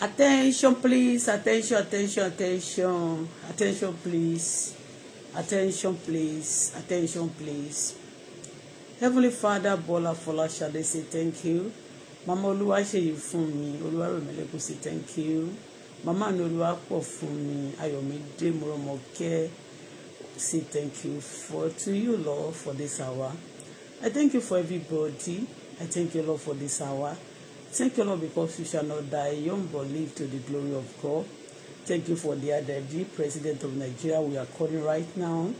Attention, please. Attention, attention, attention. Attention, please. Attention, please. Attention, please. Heavenly Father, Bola Fola Shade, say thank you. Mama Olúwa ṣèyí fún mi, Olúwa rẹ̀ mẹ́lẹ́kùn sí thank you. Mama ni Olúwa pọ̀ fún mi, Ayọ̀mídé Mọ́rọ́mọ́kẹ́ say thank you for to you Lord for this hour. I thank you for everybody. I thank you Lord for this hour. Thank you, Lord, because you shall not die young but live to the glory of God. Thank you for the IDB, President of Nigeria. We are calling right now.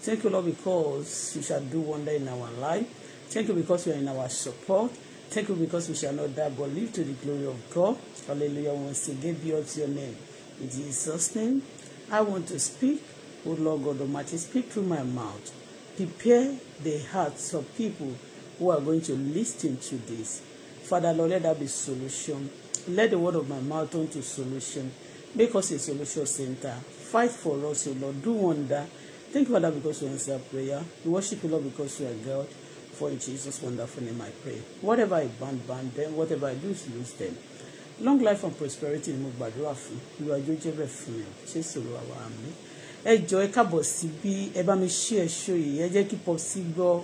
Thank you, Lord, because you shall do wonder in our life. Thank you because you are in our support. Thank you because we shall not die but live to the glory of God. Hallelujah. Once again, be unto your name. In Jesus' name, I want to speak. O Lord God Almighty, speak through my mouth. Prepare the hearts of people who are going to listen to this. Father, Lord, let there be solution. Let the word of my mouth turn to solution. Make us a solution center. Fight for us, O Lord. Do wonder. Thank you, Father, because you answer prayer. We worship you, Lord, because you are God. For in Jesus' wonderful name I pray. Whatever I ban, ban them. Whatever I lose, lose them. Long life and prosperity in mo You are your àjò jẹ́ bẹ̀ fún mi. Ṣé sòrò àwa àmì? Ẹ jọ ẹ káàbọ̀ sí bí ẹ bá mi ṣí ẹ ṣó yìí. Ẹ jẹ́ kí pọ̀ sí gbọ́.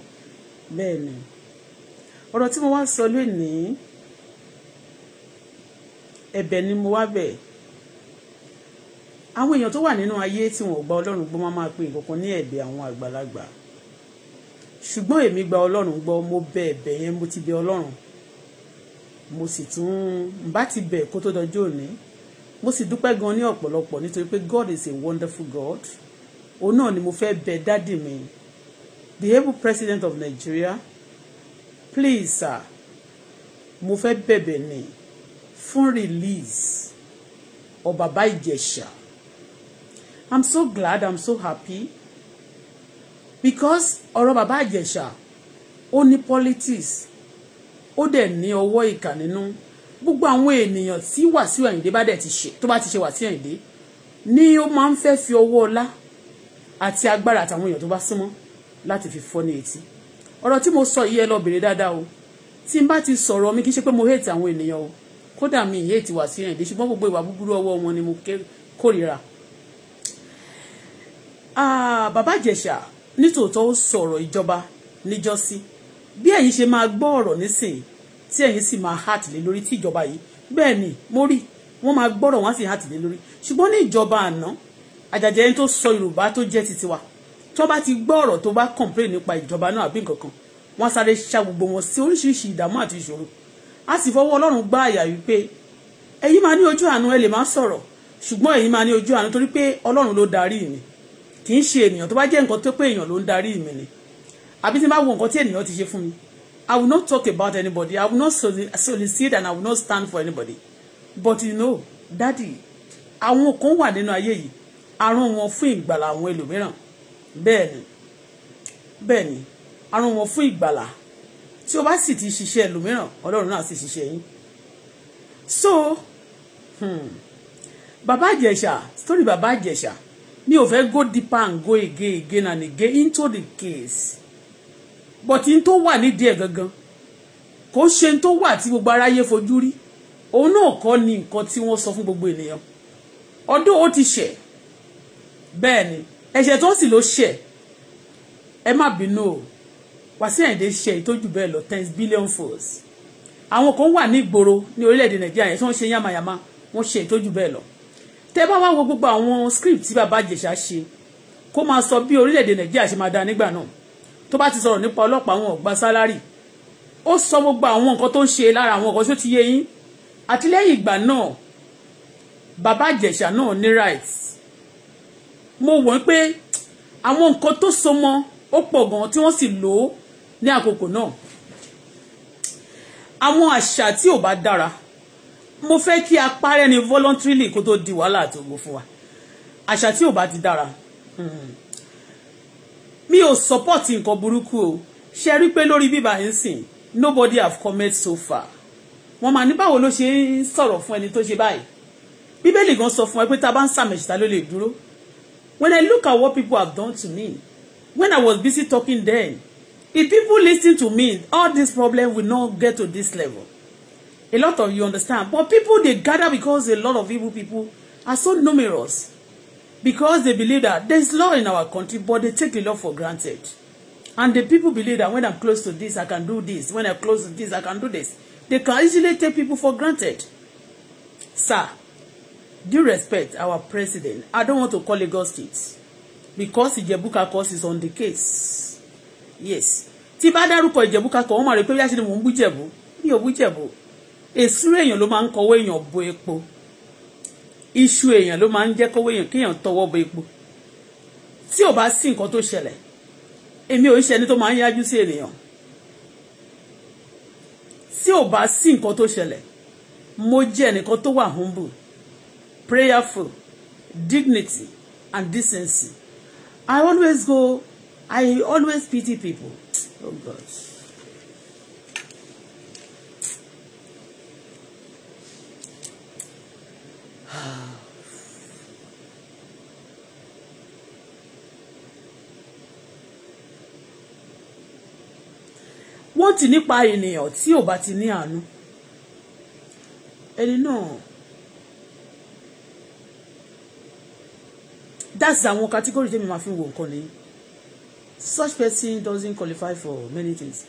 Bẹ́ẹ̀ ni ọ̀rọ̀ tí mo wá sọ lénìí ẹ̀bẹ̀ ni mo wá bẹ̀ àwọn èèyàn tó wà nínú ayé tí wọn ò gba ọlọ́run gbọ́ máa máa pe ìkọ̀kan ní ẹ̀bẹ̀ àwọn àgbàlagbà ṣùgbọ́n èmi gba ọlọ́run gbọ́ mo bẹ̀ ẹ̀bẹ̀ yẹn mo ti bẹ̀ ọlọ́run mo sì tún n bá ti bẹ̀ kó tó dọjọ́ òní mo sì dúpẹ́ gan ní ọ̀pọ̀lọpọ̀ nítorí pé God is a wonderful God òun náà ni mo fẹ́ bẹ̀ dádì mi the able president of Nigeria please sir mo fẹ́ bẹ̀bẹ̀ ni fún release of Baba Ìjẹ̀ṣà i'm so glad i'm so happy because ọ̀rọ̀ Baba Ìjẹ̀ṣà ó ní politics ó dẹ̀ ní ọwọ́ ìkà nínú gbogbo àwọn ènìyàn tí Wàsíù Àyìndé bá dẹ̀ ti ṣe tó bá ti ṣe Wàsíù Àyìndé ni ó máa ń fẹ́ fi ọwọ́ ọlá àti agbára àtàwọn èèyàn tó bá súnmọ́ láti fi fọ́ ní etí ọ̀rọ̀ tí mo sọ yìí ẹ lọ bèrè dáadáa o tí n bá ti sọ̀rọ̀ mi kì í ṣe pé mo hate àwọn ènìyàn o kódà mi ìyé ti wà sí ẹ̀ǹdẹ́ ṣùgbọ́n gbogbo ìwà búburú ọwọ́ wọn ni mo kórìíra. bàbá ìjẹ̀ṣà nítòótọ́ ó sọ̀rọ̀ ìjọba níjọ́sí bí ẹ̀yin ṣe máa gbọ́ ọ̀rọ̀ nísìnyí tí ẹ̀yin sì máa hàt lé lórí tí ìjọba yìí bẹ́ẹ̀ ni mo rí wọ́n máa gbọ́rọ̀ wọ́n á sì hàt lé lórí ṣùgbọ́n ní ìjọba àná àjàjẹ́ ẹni tó sọ Yorùbá tó jẹ́ titiwa tó bá ti gbọ́ ọ̀rọ̀ tó bá complain nípa ìjọba náà àbí nǹkan kan sáré ṣá gbogbo wọn sí oríṣiríṣi ìdààmú àti ìṣòro a sì fọwọ́ ọlọ́run gbá àyà wípé ẹ̀yin máa ní ojú àánú ẹ lè máa sọ̀rọ̀ ṣùgbọ́n ẹ̀yin máa ní ojú àánú torí pé ọlọ́run ló darí mi kì í ṣe ènìyàn tó bá jẹ́ nǹkan tó pé èèyàn ló ń darí mi ni àbí tí n bá wo nǹkan tí ènìyàn ti ṣe fún mi I will not talk about anybody I will not solicit and I will not stand for anybody but you know daddy àwọn kan wà nínú ayé yìí àrùn wọn fún ìgbàlà àwọn ẹlòmíràn bẹ́ẹ̀ ni bẹ́ẹ̀ ni a rán wọn fún ìgbàlà tí o bá sì ti ṣiṣẹ́ ẹlòmíràn ọlọ́run náà sì ṣiṣẹ́ yín so hmm, Baba àjẹsà story Baba àjẹsà mi ò fẹ́ go deep and go again again and again into the case but n tó wà nídìí ẹ̀ gangan kò ṣe n tó wà tí gbogbo aráyé fojú rí òun náà kọ́ ni nǹkan tí wọ́n sọ fún gbogbo ènìyàn ọdún ó ti ṣẹ̀ bẹ́ẹ̀ ni ẹ̀ṣẹ̀ tó sì ló ṣẹ̀ ẹ má bínú o Wasiu Ayinde ṣe ìtọ́jú bẹ́ẹ̀ lọ ten billion folds àwọn kan wà ní ìgboro ní orílẹ̀-èdè Nàìjíríà yẹn tí wọ́n ṣe yàmàyàmà wọ́n ṣe ìtọ́jú bẹ́ẹ̀ lọ tẹ́ bá wá wo gbogbo àwọn script tí bàbá Ìjẹ̀ṣà ṣe kó máa sọ bí orílẹ̀-èdè Nàìjíríà ṣe máa da nígbà náà tó bá ti sọ̀rọ̀ nípa ọlọ́pàá àwọn ọ̀gbà sálárì ó sọ gbogbo àwọn nǹkan tó ń ṣe lára àwọn nǹkan tó ti yé yín àtìlẹ́yìn ìgbà náà bàbá Ìjẹ̀ṣà náà ní rights mo wọ́n pé àwọn nǹkan tó so mọ́ ó pọ̀ gan tí wọ́n sì lò ó ní àkókò náà àwọn àṣà tí ò bá dára mo fẹ́ kí a parẹ́ ni voluntarily kó tó di wàhálà àti ògbó fún wa àṣà tí ò bá ti dára hmm, mi ò support nǹkan burúkú o ṣe rí pé lórí bíbá yín sìn nobody have comment so far wọn mà ní báwo ló ṣe ń sọ̀rọ̀ fún ẹni tó ṣe báyìí bíbélì gan sọ fún ẹ pé tá a bá ń sàmẹ̀sìtà ló lè dúró When I look at what people have done to me, when I was busy talking then, if people listen to me, all this problem will not get to this level. A lot of you understand. But people, they gather because a lot of evil people are so numerous. Because they believe that there is law in our country, but they take the law for granted. And the people believe that when I'm close to this, I can do this. When I'm close to this, I can do this. They can easily take people for granted. Sir, due respect our president I don't want to call Lagos state because Ijebu-Kakos is on the case yes tí bá dárúkọ Ijebu-Kakos wọ́n máa rí pé bí a ṣe ni mò ń bú Jẹ̀bú mi ò bú Jẹ̀bú èsú èèyàn ló máa ń kọwọ́ èèyàn bo epo iṣu èèyàn ló máa ń jẹ́ kọwọ́ èèyàn kéèyàn tọwọ́ bo epo tí ò bá sí nǹkan tó ṣẹlẹ̀ èmi ò ń ṣe ẹni tó máa ń yájú sí ènìyàn tí ò bá sí nǹkan tó ṣẹlẹ̀ mo jẹ́ ẹnìkan tó wà humble prayerful, dignity, and decency. I always go, I always pity people. Oh God. wọ́n ti nípa ènìyàn tí ò bá ti ní àánú ẹni náà that's àwọn category tèmi máa fi wò nǹkan nìyí such person doesn't qualify for many things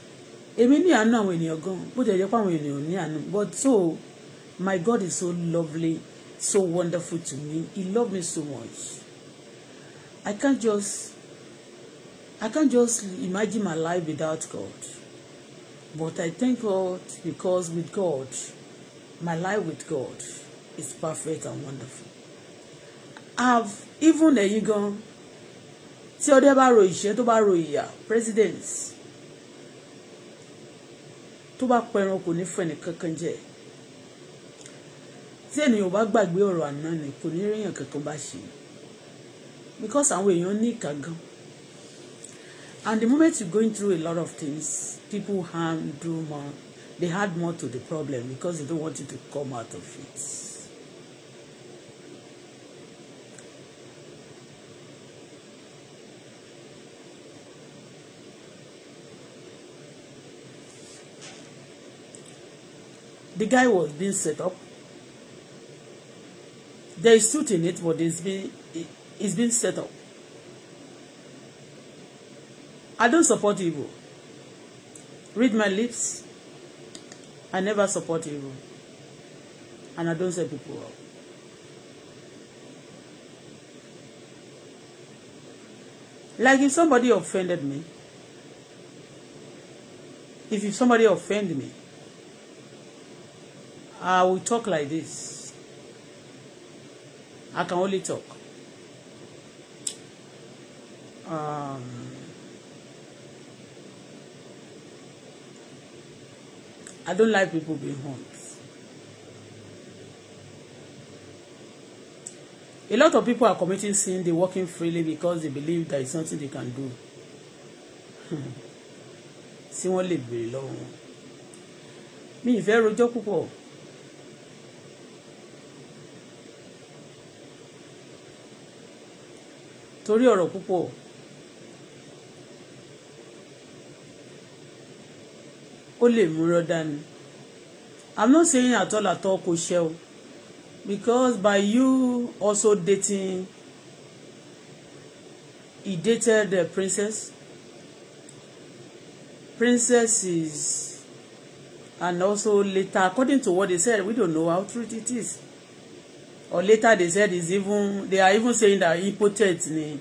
èmi ní àánú àwọn ènìyàn gan bó jẹ́ jẹ́ pé àwọn ènìyàn ní àánú but so my God is so lovely so wonderful to me he love me so much I can't just I can't just imagine my life without God but I thank God because with God my life with God is perfect and wonderful have even ẹ̀yin gan tí ọdẹ bá ro ìṣẹ́ tó bá ro ìyà president tó bá pẹran kò ní fẹ́ni kankan jẹ tí ènìyàn bá gbàgbé ọ̀rọ̀ àná ni kò ní ríyàn kankan bá ṣe because àwọn èèyàn ní ìka gan and the moment you going through a lot of things people harm do more they add more to the problem because they don't want you to come out of it. the guy was being set up there is truth in it but it's been it's been set up I don't support evil read my lips I never support evil and I don't set people up. Like if somebody offended me, if somebody offended me, I will talk like this. I can only talk. Um, I don't like people being hung. A lot of people are committing sin, they're walking freely because they believe there is something they can do. Tí wọ́n live below. Me very Mi ìfẹ́ torí ọ̀rọ̀ púpọ̀. ó lè múrọ dání i'm not saying at all at all kò ṣe o because by you also dating he dated the princess princess is and also later according to what they said we don't know how true it is or later they said is even they are even saying that impotent ni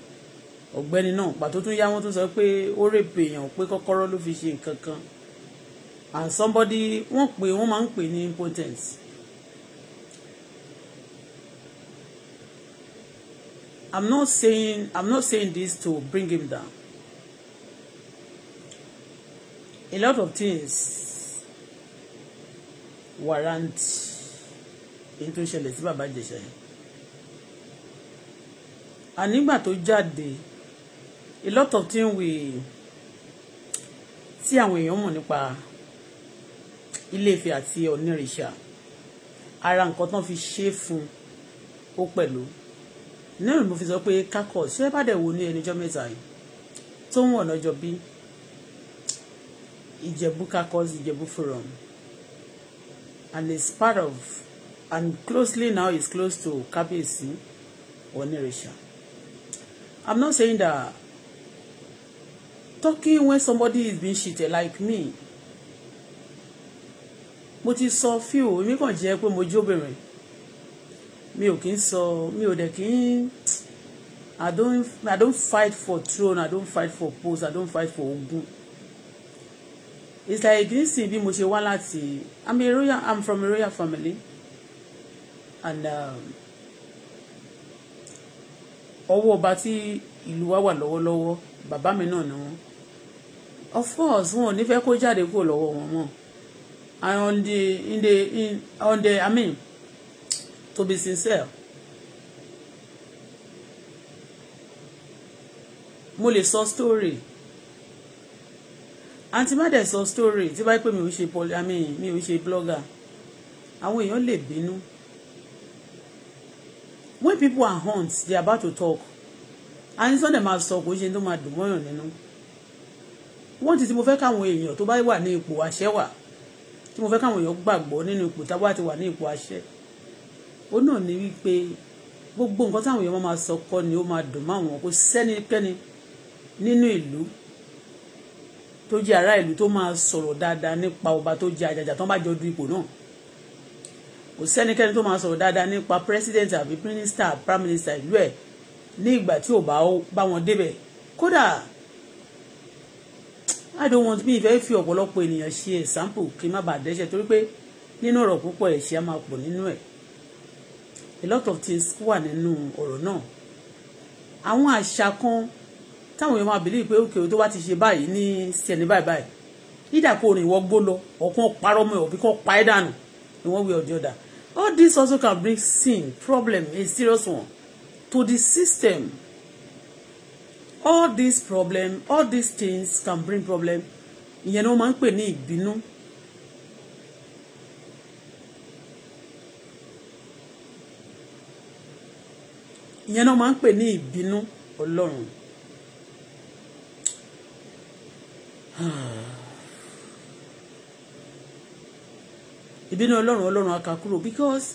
ọ̀gbẹ́ni náà pàtó tún yá wọn tún sọ pé ó rèpè èèyàn pé kọ́kọ́rọ́ ló fi ṣe nǹkan kan and somebody wọ́n pè wọ́n máa ń pè ní impotent. I'm not saying I'm not saying this to bring him down. A lot of things warrant èyí tó ṣẹlẹ̀ sí bàbá ìjẹ̀ṣà yẹn ànígbà tó jáde a lot of things we tí àwọn èèyàn mọ̀ nípa Ilé-Ifẹ̀ àti onírìṣà ara nǹkan tán fi ṣe fún ó pẹ̀lú náà mo fi sọ pé kákọ̀ ṣé bá dẹ̀ wo ní ẹnijọ́ mẹ́ta yìí tó ń wọ̀n lọ́jọ́ bí Ìjẹ̀bú kakọ́ Ìjẹ̀bú forum and it's part of and closely now is close to or Onirisha. I'm not saying that talking when somebody is being cheated like me mo ti sọ few. èmi kàn jẹ́ pé mo jóbìnrin mi ò kì í sọ mi ò dẹ̀ kì I don't I don't fight for throne I don't fight for post I don't fight for ogun it's like nísìnyí bí mo ṣe wá láti I'm a royal I'm from a royal family and um, ọwọ́ ọba tí ìlú wa wà lọ́wọ́lọ́wọ́ bàbá mi náà ni wọ́n of course wọn ò ní fẹ́ kó jáde kúrò lọ́wọ́ wọn mọ́ and on the in the in on the i mean to be sincere mo lè sọ story àǹtí má dẹ̀ sọ story tí bá pè mí ò ṣe poly i mean mi ò ṣe blogger àwọn èèyàn lè bínú when people are hunt they are about to talk and sọ́dẹ̀ máa sọ kò ṣe tó máa dùn mọ́yàn nínú wọ́n ti ti mo fẹ́ káwọn èèyàn tó bá wà ní ipò àṣẹ wà tí mo fẹ́ káwọn èèyàn gbàgbọ́ nínú ipò tábà ti wà ní ipò àṣẹ ó náà ní wípé gbogbo nǹkan táwọn èèyàn máa sọ kọ́ ni ó máa dùn mọ́ àwọn kò sẹ́nikẹ́ni nínú ìlú tó jẹ́ ará ìlú tó máa sọ̀rọ̀ dáadáa nípa ọba tó jẹ́ àjàjà tó bá jọ du ipò náà kò sẹ́nikẹ́ni tó máa sọ̀rọ̀ dáadáa nípa president àbí minister prime minister ìlú ẹ̀ ní ìgbà tí ò bá bá wọn débẹ̀ kódà I don't want me ìfẹ́ fi ọ̀pọ̀lọpọ̀ ènìyàn ṣe example kí n má bàa dẹ́ṣẹ̀ torí pé nínú ọ̀rọ̀ púpọ̀ ẹ̀ṣẹ̀ á máa pọ̀ nínú ẹ̀ a lot of things wà nínú ọ̀rọ̀ náà àwọn àṣà kan táwọn èèyàn máa believe pé òkè tó bá ti ṣe báyìí ní sẹ́ni báyìí báyìí nídà kó rìn ìwọ gbó lọ ọ̀kan parọ́ mọ́ ẹ̀ òbí kan pa ẹ́ dànù ni wọ́n wí ọjọ́ dà all this also can bring sin problem a serious one to the system all this problem all these things can bring problem ìyẹn ni wọ́n máa ń pè ní ìbínú. ìyẹn náà máa ń pè ní ìbínú ọlọ́run. ìbínú ọlọ́run ọlọ́run á kúrò because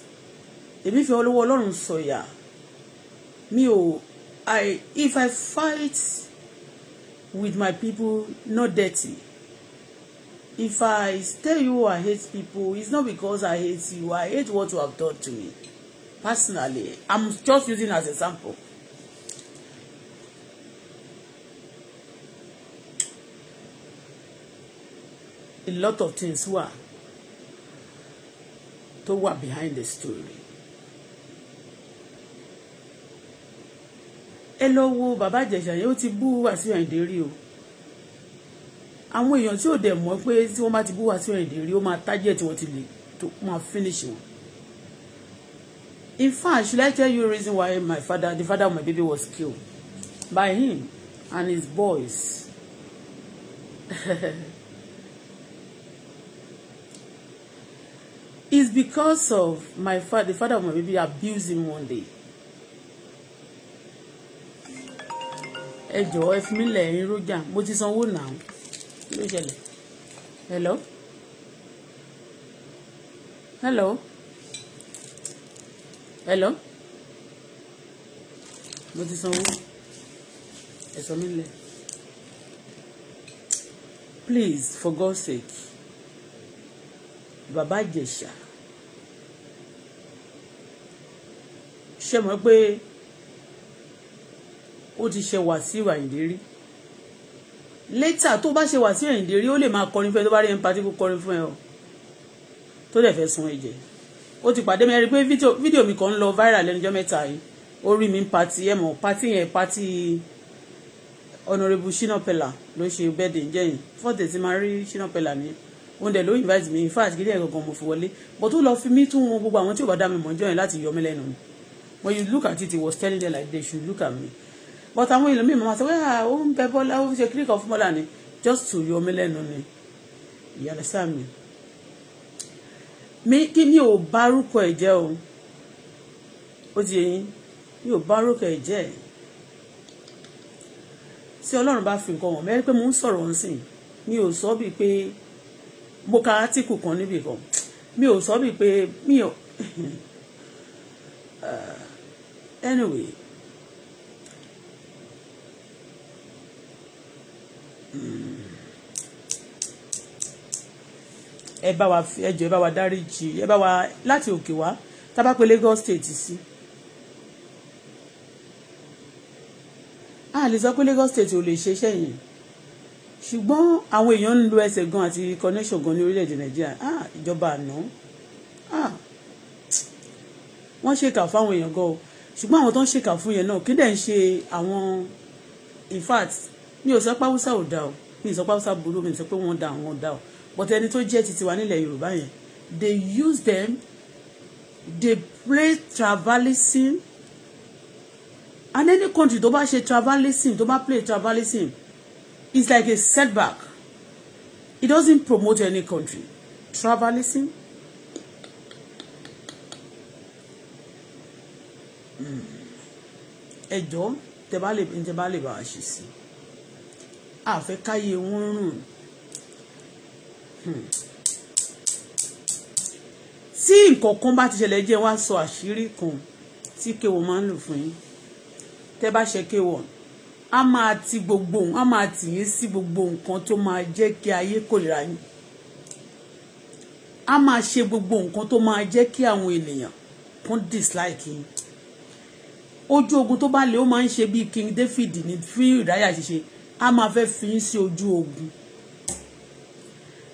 èmi fi ọlọ́wọ́ ọlọ́run sọ̀yà mi ò i if i fight with my people not dirty if i tell you i hate people it's not because i hate you i hate what you have done to me personally i'm just using as example a lot of things were tó wà behind the story. ẹ lọ wo bàbá ìjẹ̀ṣà yẹn ó ti bú Wàsíù Àyìndé rí o àwọn èèyàn tí ò dẹ̀ mọ̀ pé tí wọ́n bá ti bú Wàsíù Àyìndé rí ó máa tájẹ̀ tí wọ́n ti lè tó máa finish wọn. In fact should I tell you the reason why my father the father of my baby was killed by him and his boys. It's because of my father, the father of my baby abused him one day. Ẹ jọ̀ọ́ ẹ fi mí lẹ̀ ẹ̀yin rojà mo ti sanwó náà ló ṣẹlẹ̀. Hello? Hello? Hello? Mo ti sanwó ẹ̀sọ́ mi lẹ̀. Please, for God's sake bàbá ìjẹ̀ṣà ṣe mọ̀ pé ó ti ṣe Wàsíù Àyìndé rí létà tó bá ṣe Wàsíù Àyìndé rí ó lè máa kọrin fún ẹ tó bá rí ẹni pàtí kó kọrin fún ẹ o tó dẹ̀ fẹ́ sun ẹ̀jẹ̀ ó ti pàdé mi ẹ rí pé fídíò mi kan ń lọ viral lẹ́nujọ́ mẹ́ta yìí ó rí mi ń pati ẹ̀ mọ̀ pati yẹn pati honourable Shina Peller ló ṣe bẹ́ẹ̀dẹ̀ ń jẹ́yìn fọ́ọ̀tẹ̀ tí máa rí Shina nìyẹn òun dẹ̀ ló invite me, in fact gidi ẹ̀ gangan mo fi wọlé but ó lọ fi mí tún wọn gbogbo àwọn tí ò bá dá mi mọ̀ jọyìn láti yọ mí lẹ́nu when you look at it he was telling them like they should look at me but àwọn èèyàn mi mọ̀ àti wẹ́n ó ń bẹ bọ́lá ó ń ṣe kíríkà fún bọ́lá ni just to yọ mí lẹ́nu ni ìyàrá sáà mi mi kí mi ò bárúkọ ẹ̀ jẹ́ o ó ti yẹn mi ò bárúkọ ẹ̀ jẹ́ ẹ̀ tí ọlọ́run bá fi nǹkan wọ̀n mẹ́rin pé mo ń sọ̀rọ̀ ń sìn mi ò sọ bíi pé mo ka átíkù kan níbì kan mi ò sọ mi pé mi ò eh, anyway hmm. ẹ bá wa ẹ jọ̀ọ́ ẹ bá wa dáríjì ẹ bá wa láti òkè wá tá bá pè Lagos state sí a lè sọ pé Lagos state ò lè ṣe iṣẹ́ yìí ṣùgbọ́n àwọn èèyàn ń lo ẹsẹ̀ gan àti connection gan ní orílẹ̀-èdè nàìjíríà ah ìjọba àná ah wọ́n ṣèkà fáwọn èèyàn gan o ṣùgbọ́n àwọn tó ń ṣèkà fún yẹn náà kí dẹ̀ ń ṣe àwọn in fact mi ò sọ pé haúsá ò dá o mi ò sọ pé haúsá burú mi ò sọ pé wọ́n dá àwọn dá o but ẹni tó jẹ́ titiwa nílẹ̀ yorùbá yẹn they use them they play tribalism and any country tó bá ṣe tribalism tó bá play tribalism It's like a setback. It doesn't promote any country. Travelism. Hmm. Ẹjọ́ tẹ̀bálẹ̀ tẹ̀bálẹ̀ bá a ṣe sí. Àfẹ́ káyé wọ́n rùn. Hmm. Tí nǹkan kan bá ti ṣẹlẹ̀ jẹ́ wá sọ àṣírí kan tí kéwọ́n máa ń lò fún yín. Tẹ́ bá ṣe kéwọ́n á máa ti gbogbo á máa tì yín sí gbogbo nǹkan tó máa jẹ́ kí ayé kórìíra yín á máa ṣe gbogbo nǹkan tó máa jẹ́ kí àwọn ènìyàn kún dislike yín ojú ogun tó bá lè ó máa ń ṣe bíi King David ní fún ìdáyà ṣíṣe á máa fẹ́ fi yín sí ojú ogun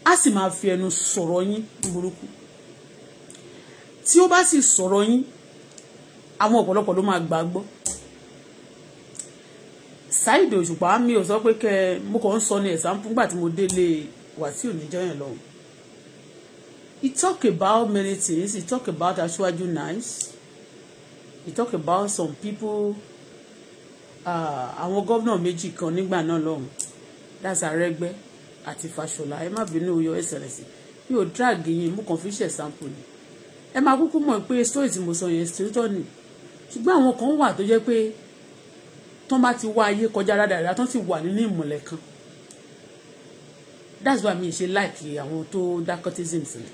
á sì máa fi ẹnu sọ̀rọ̀ yín burúkú tí ó bá sì sọ̀rọ̀ yín àwọn ọ̀pọ̀lọpọ̀ ló máa gbàgbọ́ Saheed Òṣùpá mi ò sọ pé kẹ mo kàn ń sọ ní example nígbà tí mo délé Wàsíù níjọ́ yẹn he talk about many things he talk about Aṣíwájú nice he talk about some people ah, àwọn gómìnà méjì kan nígbà náà lọ́hùn that's Arẹ́gbẹ́ àti Fàṣọlá ẹ má bínú Your Excellency mi ò drag yín mo kàn fi ṣe sample. ni ẹ máa kúkú mọ̀ pé story tí mo sọ yẹn story tó ní ṣùgbọ́n àwọn kan wà tó jẹ́ pé tán bá ti wá ayé kọjá rádaràdà tán sì wà nínú ìmọ̀lẹ̀ kan that's why mi ṣe láìkì àwọn tó dá cultism sílẹ̀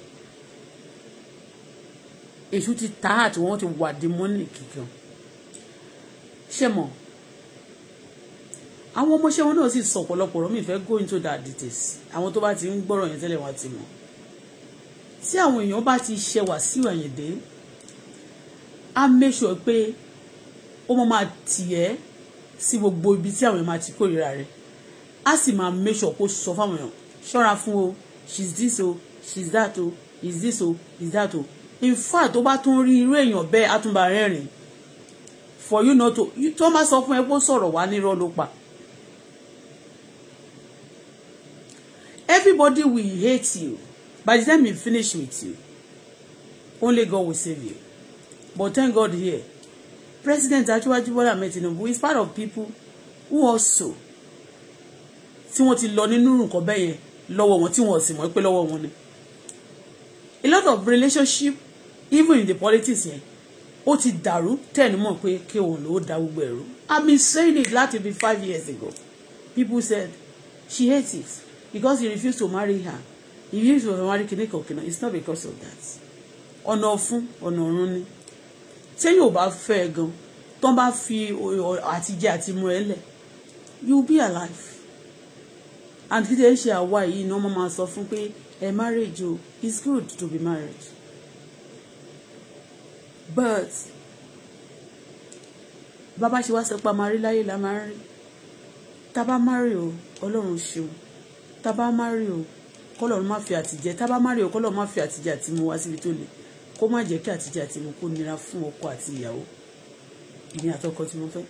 èṣù ti ta àti wọ́n ti wà demonic gan ṣe mọ̀ àwọn ọmọọṣẹ́ wọn náà sì sọ ọ̀pọ̀lọpọ̀ ọ̀rọ̀ mi fẹ́ go into that details àwọn tó bá ti ń gbọ́rọ̀ yẹn tẹ́lẹ̀ wá ti mọ̀ tí àwọn èèyàn bá ti ṣe wà sí Àyìndé á make sure pé ó mọ̀ máa tì ẹ́ sí gbogbo ibi tí àwọn èèyàn máa ti kórìíra rẹ̀ á sì máa make sure kó sọ fáwọn èèyàn ṣọ́ra fún o she's this o she's that o is this o is that o in fact tó bá tún rí irú èèyàn bẹ́ẹ̀ á tún bá rẹ́rìn for you not to tó máa sọ fún ẹ pé ó sọ̀rọ̀ wá nírọ́ ló pa. Everybody will hate you. By the time you finish with you, only God will save you. But thank God here, President Aṣíwájú Bọ́lá Ahmed Tinubu is part of people who also tí wọ́n ti lọ nínú nǹkan bẹ́ẹ̀ yẹn lọ́wọ́ wọn tí wọ́n sì mọ̀ pé lọ́wọ́ wọn ni. a lot of relationship even in the politics yẹn ó ti dàrú tẹ̀lé mọ̀ pé kí òun ló da gbogbo ẹ̀rú I've been saying it láti be five years ago people said she hates it because he refused to marry her he refused to marry kinní it's not because of that ọ̀nà ọ̀fun ọ̀nà ọ̀run ni téèyàn ò bá fẹ́ ẹ gan tán bá fi àtijẹ àti mu ẹ lẹ̀ you be alive and kí tẹ́ ń ṣe àwa yìí ni wọ́n máa sọ fún pé ẹ marriage o is good to be married but bàbá ṣe wá sọ pé a máa rí láyé la máa rí tá a marry o ọlọ́run ṣeun tá a marry o kọ́lọ́run má fi àtijẹ tá a marry o kọ́lọ́run má fi àtijẹ àti mu wá síbi tó le kó má jẹ́ kí àtijọ́ àti mo kó nira fún ọkọ àti ìyàwó èmi àtọkọ tí mo fẹ́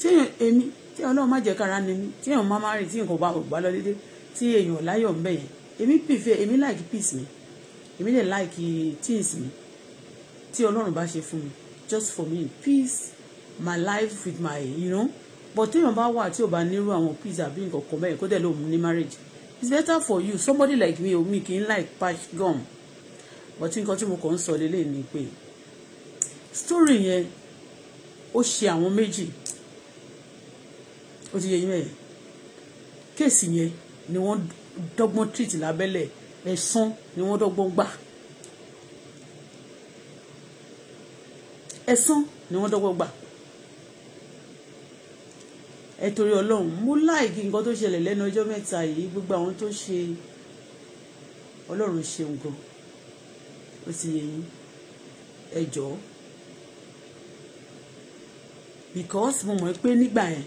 tí èmi tí ọlọ́run má jẹ́ kára ni mí tí èèyàn má má rìn tí nǹkan bá gbà lọ dédé tí èèyàn láyọ̀ ń bẹ̀ yẹn èmi pìfẹ́ èmi like peace mi èmi dẹ̀ like things mi tí ọlọ́run bá ṣe fún mi just for me peace my life with my you know but téèyàn bá wà tí ò bá nírú àwọn peace àbí nǹkan kan bẹ́ẹ̀ kó dẹ̀ lóun ní marriage it's better for you somebody like me o mi kì í like patch gum ọtí nǹkan tí mo kàn ń sọ lélẹ̀ ni pé story yẹn ó ṣe àwọn méjì ó ti yẹ yín mẹ́yẹn kéèsì yẹn ni wọ́n dọ́gbọ́n treat lábẹ́lẹ̀ ẹ̀sán ni wọ́n dọ́gbọ́n gbà ẹ̀sán ni wọ́n dọ́gbọ́n gbà ẹ torí ọlọ́run mo láìkí nǹkan tó ṣẹlẹ̀ lẹ́nu ọjọ́ mẹ́ta yìí gbogbo àwọn tó ṣe ọlọ́run ṣeun gan-an ó ti yẹ because mo mọ̀ pé nígbà yẹn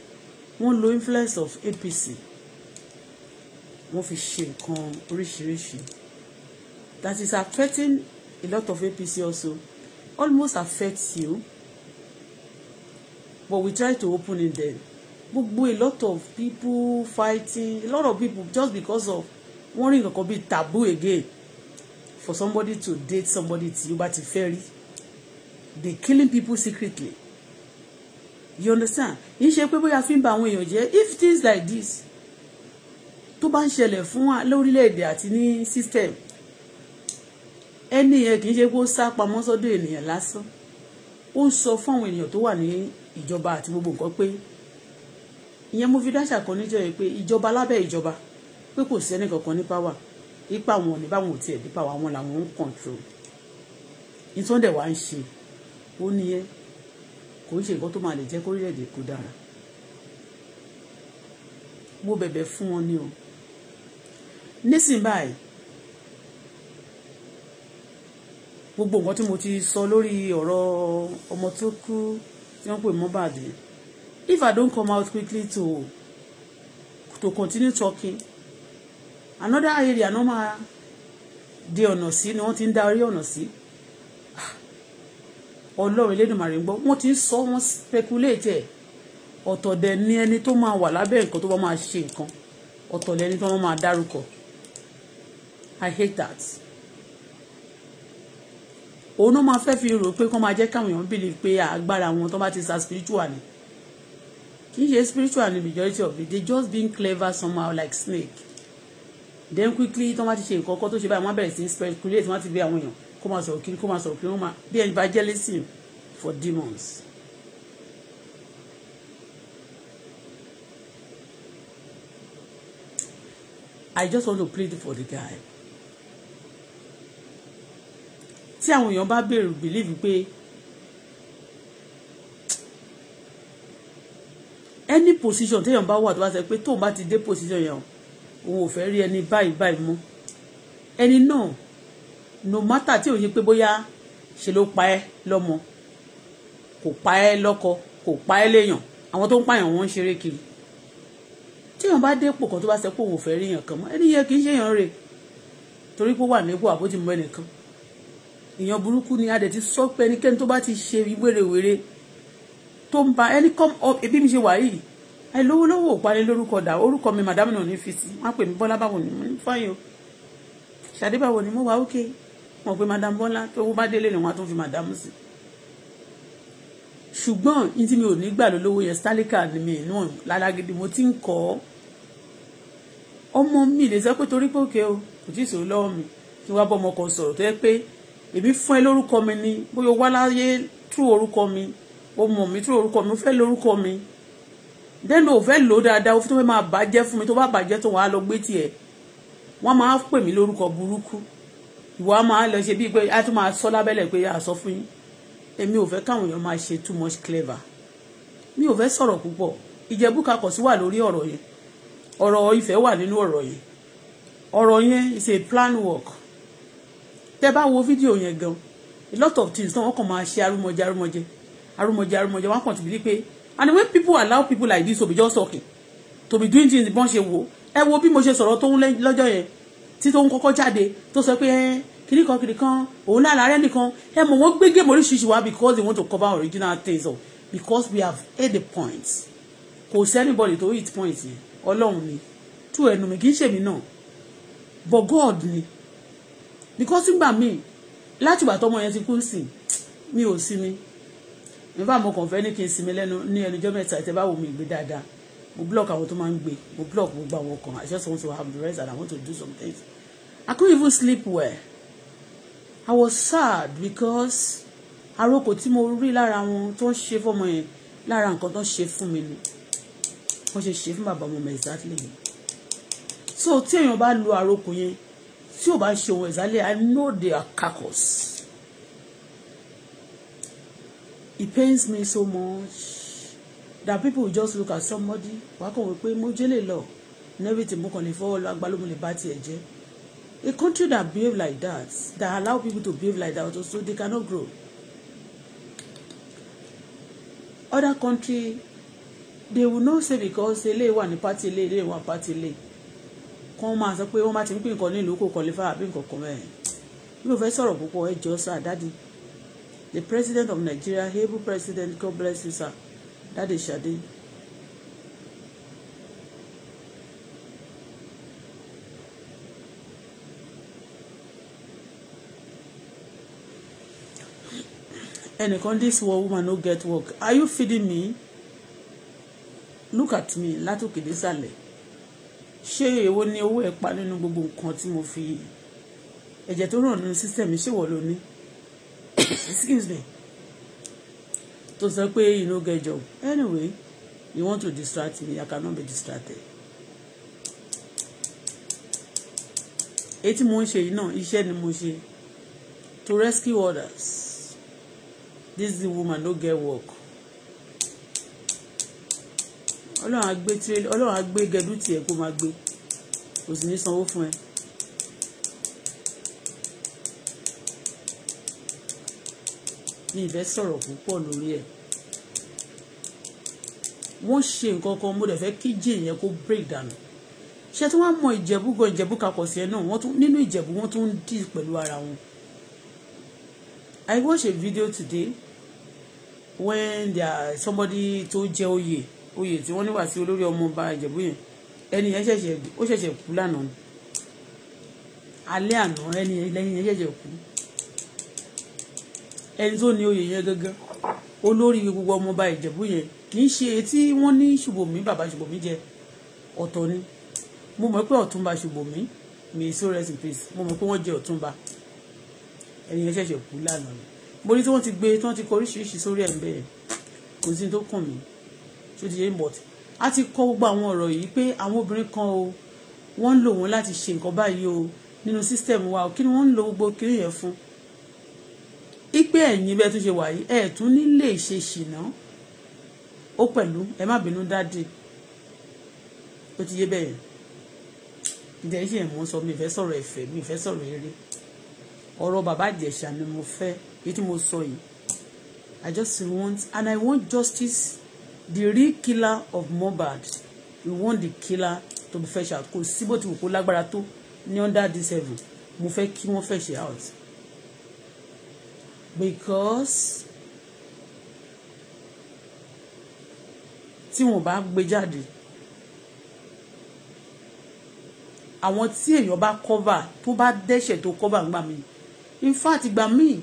wọ́n lo influence of APC wọ́n fi ṣe nǹkan oríṣiríṣi that is affecting a lot of APC also almost affects you but we try to open it them gbogbo a lot of people fighting a lot of people just because of wọ́n rí nǹkan kan bíi taboo again for somebody to date somebody tí ó bá ti fẹ́ rí they killing people secretly you understand yìí ṣe pé bóyá fi ń ba àwọn èèyàn jẹ́ if things like this tó bá ń ṣẹlẹ̀ fún wa lórílẹ̀‐èdè àti ní system ẹni yẹn kì í ṣe pé ó sá pamọ́ sọ́dọ̀ ènìyàn lásán ó ń sọ fún àwọn ènìyàn tó wà ní ìjọba àti gbogbo nǹkan pé ìyẹn mo fi dáṣà kan níjọ́ yẹn pé ìjọba lábẹ́ ìjọba pé kò sí ẹnì kankan ní power ipa wọn ní báwọn ò tiẹ̀ dípa àwọn làwọn ń control ìtọ́ndẹ̀ wá ń ṣe ó níyẹn kò ń ṣe nǹkan tó máa lè jẹ́ kórílẹ̀-èdè kó dára mo bẹ̀bẹ̀ fún wọn ni o nísìn báyìí gbogbo nǹkan tí mo ti sọ lórí ọ̀rọ̀ ọmọ tó kú tí wọ́n pè Mohbad if I don't come out quickly to to continue talking another area náà máa di ọ̀nà sí ni wọ́n ti ń dá orí ọ̀nà sí ah, ọlọ́run elédùnmarè ń gbọ́ wọ́n ti ń sọ wọ́n speculate ẹ̀ ọ̀tọ̀ dẹ̀ ni ẹni tó máa wà lábẹ́ nǹkan tó bá máa ṣe nǹkan ọ̀tọ̀ lẹni tó máa dárúkọ I hate that òun náà máa fẹ́ fi rò pé kó máa jẹ́ káwọn èèyàn believe pé agbára wọn tó bá ti sa spiritual ni kì í ṣe spiritual ni majority of it they just being clever somehow like snake then quickly tó máa ti ṣe nǹkan kan tó ṣe báyìí wọ́n bẹ̀rẹ̀ sí ní spread create wọ́n ti bí àwọn èèyàn kó máa sọ̀rọ̀ kiri kó máa sọ̀rọ̀ kiri wọ́n máa bí evangelism for demons. I just want to plead for the guy. Tí àwọn èèyàn bá bẹ̀rù believe pé any position téèyàn bá wà tó bá sọ pé tóun bá ti dé position yẹn o òun ò fẹ́ rí ẹni báyìí báyìí mọ́ ẹni náà no matter tí ò yẹ pé bóyá ṣe ló pa ẹ́ lọ́mọ kò pa ẹ́ lọ́kọ kò pa ẹ́ léèyàn àwọn tó ń pààyàn wọ́n ń ṣeré kiri tí èèyàn bá dépò kan tó bá sẹ pé òun ò fẹ́ rí èèyàn kan mọ́ ẹni yẹ kì í ṣe èèyàn rè torí pé wà nípò àbójì mọ́ ẹnìkan èèyàn burúkú ni adẹ̀ ti sọ pé ẹnikẹ́ni tó bá ti ṣe wéréwéré tó ń ba ẹni kọ́ ẹbí mi ṣe wà yìí àìlówó lówó òpalẹ lórúkọ dà orúkọ mi madam náà ní fisi wọn pè mí bọ́lá báwo ni mo ní fáyọ ṣàdé báwo ni mo wà ókè wọn pè madam bọ́lá tó owó bá délé ni wọn á tún fi madam sí ṣùgbọ́n ní tí mi ò ní gbà lólówó yẹn stalika ni mi nù lálágídí mo ti ń kọ́ ọmọ mi lè sọ pé torí pé òkè o kò tí ì sòrò lọ́wọ́ mi tí wàá bọ́ ọmọ kan sọ̀rọ̀ tó yẹ pé èmi fún ẹ lórúkọ mi ni bóyá o wá láyé tú orúkọ mi o mọ̀ mi tú orúkọ mi o fẹ́ lórúkọ mi then o fẹ́ lò dáadáa o fi tó fẹ́ máa bàjẹ́ fún mi tó bá bàjẹ́ tó wàá lọ gbé tiẹ̀ wọ́n máa pè mí lórúkọ burúkú ìwà máa lọ ṣe bíi pé a tún máa sọ lábẹ́lẹ̀ pé a sọ fún yín èmi ò fẹ́ káwọn èèyàn máa ṣe too much clever mi ò fẹ́ sọ̀rọ̀ púpọ̀ ìjẹ̀bú kakọ̀ sí wà lórí ọ̀rọ̀ yẹn ọ̀rọ̀ ìfẹ́ wà nínú ọ̀rọ̀ yẹn ọ̀rọ̀ yẹn is a plan work tẹ́ bá wo fídíò yẹn gan a lot of things náà wọ́n kàn máa ṣe arúmọjẹ arúmọjẹ arúmọjẹ arúmọjẹ wọ́n kàn ti bí pé and when people allow people like this to be just talking to be doing things bọ́n ṣe wò ẹ wo bí mo ṣe sọ̀rọ̀ tó ń lọ́jọ́ yẹn tí tó ń kọ́kọ́ jáde tó sọ pé kiri kan kiri kan òun lára rẹ nìkan ẹ mọ̀ wọ́n gbé géèmù oríṣiríṣi wá because they want to cover original things up because we have hit the point kò sẹ́nìbọ̀dì tó hit point yẹn ọlọ́run ni tú ẹnu mi kì í ṣèmi náà but God ni because nígbà míì láti ìgbà tọmọ yẹn ti kú sí mi ò sinmi nígbà mo kàn fẹ́ ní kí n sinmi lẹ́nu ní ẹnujọ́ mẹ́ta ìtẹ́ bá wò mí gbé dáadáa mo block àwọn tó máa ń gbé mo block gbogbo àwọn kan I just want to have the rest and I want to do some things I couldn't even sleep well I was sad because àròkò tí mo rí lára wọn tó ń ṣe fọmọ yẹn lára nǹkan tó ń ṣe fún mi ni wọ́n ṣe ṣe fún bàbá ọmọ mi exactly so tí èèyàn bá lo àròkò yẹn tí ò bá ṣe òun exactly I know they are cacos. it pains me so much that people just look at somebody wà á kàn wí pé mo lọ and everything mo kàn lè fọwọ́ lọ agbálómo lè bá tiẹ̀ jẹ́ a country that behave like that that allow people to behave like that also they cannot grow other country they will not say because ele wà ní party ele ele wà party ele kan máa sọ pé wọ́n bá ti ń pín nǹkan nílùú kò kọ́lé fáwọn àbí nǹkan kan mẹ́rin mi ò fẹ́ sọ̀rọ̀ púpọ̀ ẹ jọ sáà dáàdi the president of Nigeria, able president, God bless you, sir. That is Shadi. ẹnìkan this war woman no get work are you feeding me look at me látòkè désàlẹ̀ ṣé èwo ni owó ẹ̀ pa nínú gbogbo nǹkan tí mo fi ẹ̀jẹ̀ tó ràn nínú sísẹ̀mì ṣé wọ́n ló ní excuse me to say pé you no get job anyway you want to distract me I cannot be distracted. etí mo ń ṣe yìí náà iṣẹ́ ni mo ṣe to rescue others this woman no get work ọlọ́run á gbé gẹ̀dú tiẹ̀ kó máa gbé kò sì ní sanwó fún ẹ. mi ìfẹ́ sọ̀rọ̀ púpọ̀ lórí ẹ̀ wọ́n ṣe nǹkan kan mo dẹ̀ fẹ́ kí jìn yẹn kó break dànù ṣe tí wọ́n mọ ìjẹ̀bú gan ìjẹ̀bú kakọ̀ sí ẹ náà nínú ìjẹ̀bú wọ́n tún ń dì pẹ̀lú ara wọn. I watch a video today when there somebody tó jẹ́ oyè oyè tí wọ́n ní wá sí olórí ọmọọba ìjẹ̀bú yẹn ẹni yẹn ṣẹ̀ṣẹ̀ ó ṣẹ̀ṣẹ̀ kú lánàá alẹ́ àná ẹni yẹn lẹ́yìn yẹn ṣẹ̀ṣẹ̀ kú ẹni tó ní oyè yẹn gangan olórí gbogbo ọmọọba ìjẹ̀bú yẹn kì í ṣe tí wọ́n ní ṣùbòmí bàbá ṣùbòmí jẹ ọ̀tọ̀ ni mo mọ̀ pé ọ̀túnba ṣùbòmí mi so rest in peace mo mọ̀ pé wọ́n jẹ ọ̀túnba ẹni yẹn ṣẹ̀ṣẹ̀ kú lánàá ni mo rí tí wọ́n ti gbé tí wọ́n ti kọ oríṣiríṣi sórí ẹ̀ ń bẹ̀rẹ̀ kò sí tó kàn mí tó ti ṣe ń bọ̀ tí a ti kọ gbogbo àwọn ọ̀rọ̀ yìí pé àwọn obìnrin kan o wọ́n ń lò wọ́n láti ṣe nǹkan báyìí o nínú sísítẹ̀mù wa o kí ni wọ́n ń lo gbogbo kiri yẹn fún pé ẹ̀yin bẹ́ẹ̀ tún ṣe wà yìí ẹ̀ tún nílé ṣe ṣìnà ó pẹ̀lú ẹ má bínú dáàdì ó ti yé bẹ́ẹ̀ ìdí ẹ̀yìn ṣe mọ́ sọ mi ìfẹ́ sọ̀rọ̀ ẹ̀fẹ̀ mi ìfẹ́ sọ̀rọ̀ eré ọ̀rọ̀ bàbá ìjẹ̀ṣà ni mo fẹ́ èyí tí mo sọ yìí I just want and I want justice the real killer of Mohbad we want the killer to be fetched out kò sí bó ti wù kó lágbára tó ní under this level mo fẹ́ kí wọ́n fetch out because tí wọ́n bá gbé jáde àwọn tí èèyàn bá cover tó bá dẹ́ṣẹ̀ tó cover ńgbà mí in fact ìgbà míì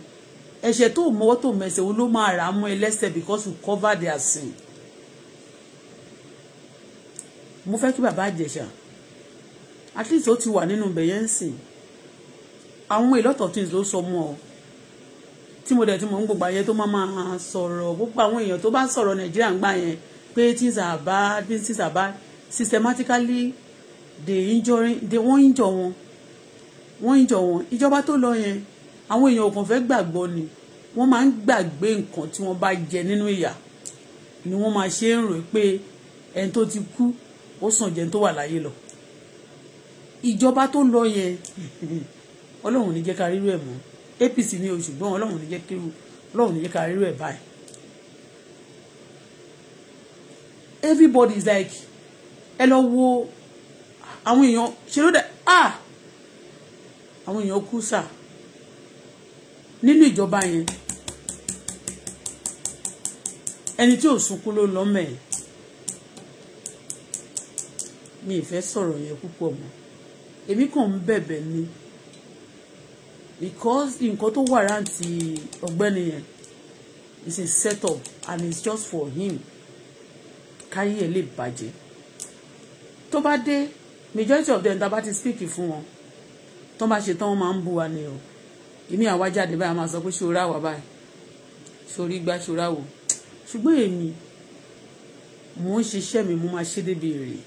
ẹ̀ṣẹ̀ tó mọ́wọ́ tó mẹsẹ̀ òun ló máa rà á mọ́ ẹ lẹ́sẹ̀ because you cover their sin mo fẹ́ kí bàbá àjẹsà at least ó ti wà nínú bẹ̀yẹ̀ ń sìn àwọn a lot of things ló sọ mọ́ ọ tí mo dẹ̀ tí mo ń gbogbo ayé tó máa máa sọ̀rọ̀ gbogbo àwọn èèyàn tó bá sọ̀rọ̀ nàìjíríà ń gbà yẹn pé things are bad things are bad systematically they injuring they wọ́n injọ wọn wọ́n injọ wọn ìjọba tó lọ yẹn àwọn èèyàn ò kàn fẹ́ gbàgbọ́ ni wọ́n máa ń gbàgbé nǹkan tí wọ́n bá jẹ nínú ìyà ni wọ́n máa ṣe ń rò pé ẹni tó ti kú ó sàn jẹun tó wà láyé lọ ìjọba tó lọ yẹn ọlọ́run ní jẹ́ ká rírú ẹ̀ mọ́ APC ní oṣù gbọ́n ọlọ́run ní jẹ́ kírun ọlọ́run ní jẹ́ ká rírú ẹ̀ báyìí everybody is like ẹ lọ wo àwọn èèyàn ṣe ló dẹ ah àwọn èèyàn kú sà nínú ìjọba yẹn ẹni tí ò sunkún ló lọ́mẹ̀ mi ì fẹ́ sọ̀rọ̀ yẹn púpọ̀ mọ́ èmi kàn ń bẹ̀bẹ̀ ni because nǹkan tó wà rántí ọ̀gbẹ́ni yẹn is a set up and it's just for him káyé ẹ̀ lè bàjẹ́ tó bá dé majority of them tá a bá ti speak fún wọn tó bá ṣe tán wọn máa ń bú wa ni o èmi àwa jáde báyìí a máa sọ pé ṣòro àwà báyìí ṣòro igba ṣòro àwò ṣùgbọ́n èmi mò ń ṣiṣẹ́ mi mo máa ṣe débi rèé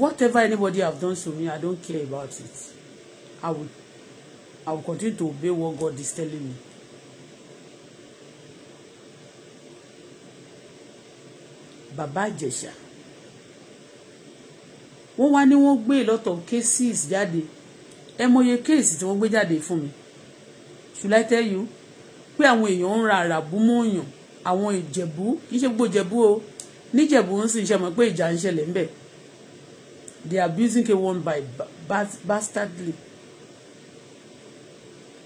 whatever anybody have done to me i don't care about it I will I will continue to obey what God is telling me. Bàbá Ìjẹ̀ṣà wọ́n wá ní wọ́n gbé lot of cases jáde ẹ mọye case tí wọ́n gbé jáde fún mi should I tell you pé àwọn èèyàn ń ra àràbù mọ́ọ̀yàn àwọn ìjẹ̀bú kì í ṣe gbogbo ìjẹ̀bú o níjẹ̀bú ń sì ṣe mọ̀ pé ìjà ń ṣẹlẹ̀ ńbẹ̀ they are abusing k one by bastardly. Bas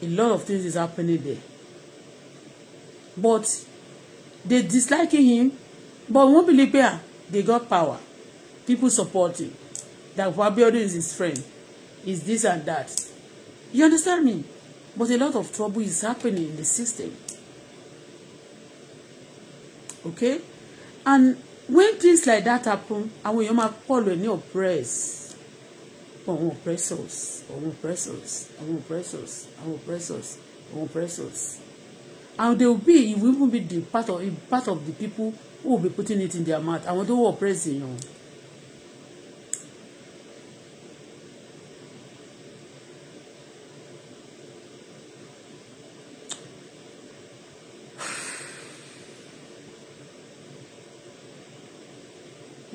a lot of things is happening there but they disliking him but we won't believe ah? they got power people support him that Abiodun is his friend is this and that you understand me but a lot of trouble is happening in the system okay and when things like that happen àwọn èèyàn máa pọ̀lù ẹ̀ ní oppress nípa àwọn oppressors àwọn oppressors àwọn oppressors àwọn oppressors àwọn oppressors and they will be it will even be the part of part of the people who will be putting it in their mouth àwọn tó wọ oppress èèyàn.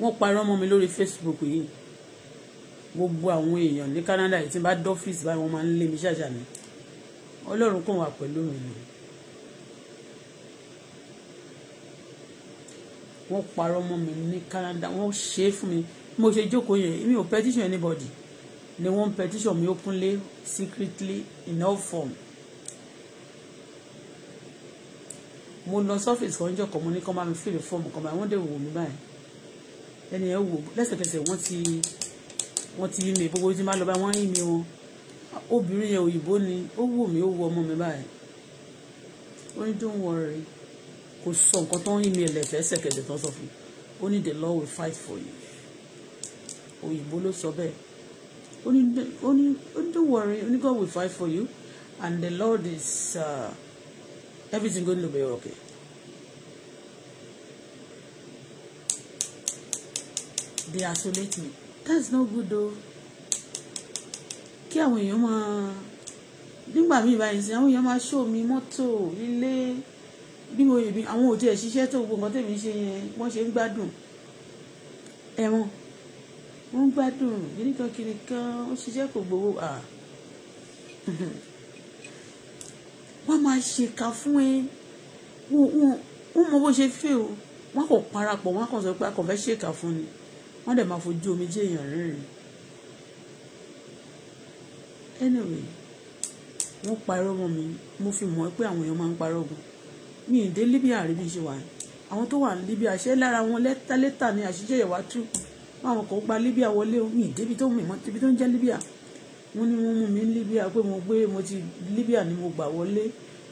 wọ́n parọ́ mọ́ mi lórí Facebook yìí gbogbo àwọn èèyàn ní Canada yìí tí n bá dọ́fíìsì báyìí wọ́n máa ń lé mi ṣàṣà ni Ọlọ́run kàn wà pẹ̀lú mi ni wọ́n parọ́ mọ́ mi ní Canada wọ́n ṣe é fún mi mo ṣe jókòó yẹn mi ò petition anybody ni wọ́n petition mi openly secretly in all form mo lọ sọ́fíìsì kan jọ̀kọ̀ mo ní kán bá mi fìlè fọ́ọ̀mù kan báyìí wọ́n dẹ̀ wò mí báyìí ẹni wò lẹ́sẹ̀kẹsẹ̀ wọ́n ti wọ́n ti email gbogbo tí máa lọ bá wọ́n email wọn obìnrin yẹn òyìnbó ni ó wù mí ó wù ọmọ mi báyìí ó ní don't worry kò sọ nǹkan tó ń email ẹ̀fẹ́ ṣẹ̀kẹ̀dẹ̀ tó ń sọ fún ó ní the law will fight for you òyìnbó ló sọ bẹ́ẹ̀ ó ní ó ní don't worry ó ní God will fight for you and the Lord is uh, everything going to be okay. They isolate me that's no good o kí àwọn èèyàn máa nígbà míì báyìí sí àwọn èèyàn máa ṣó mi mọ́tò ilé bí mo yèbi àwọn òde ẹ̀ ṣiṣẹ́ tó gbogbo nǹkan tèmi ṣe yẹn wọ́n ṣe ń gbádùn ẹ̀wọ̀n wọ́n ń gbádùn kìnìkan kìnìkan ó ṣiṣẹ́ kò gbowó à wọ́n máa ṣèkà fún ẹ wọ́n mọ bó ṣe fẹ́ o wọ́n kò parapọ̀ wọ́n kàn sọ pé a kàn fẹ́ ṣèkà fún ni wọ́n dẹ̀ máa fojú omi jẹ́ èèyàn rẹ́rìn anyway wọ́n parọ́ mọ́ mi mo fi mọ̀ pé àwọn èèyàn máa ń parọ́ gan mi ì dé Libya rí bí ṣe wà àwọn tó wà ní Libya ṣé lára wọn lẹ́tà lẹ́tà ni àṣìṣe yẹ̀ wá tú àwọn kan gba Libya wọlé mi ì débi tó mú ìmọ̀ débi tó ń jẹ́ Libya wọ́n ní wọ́n mú mi ní Libya pé mo gbé mo ti Libya ni mo gbà wọlé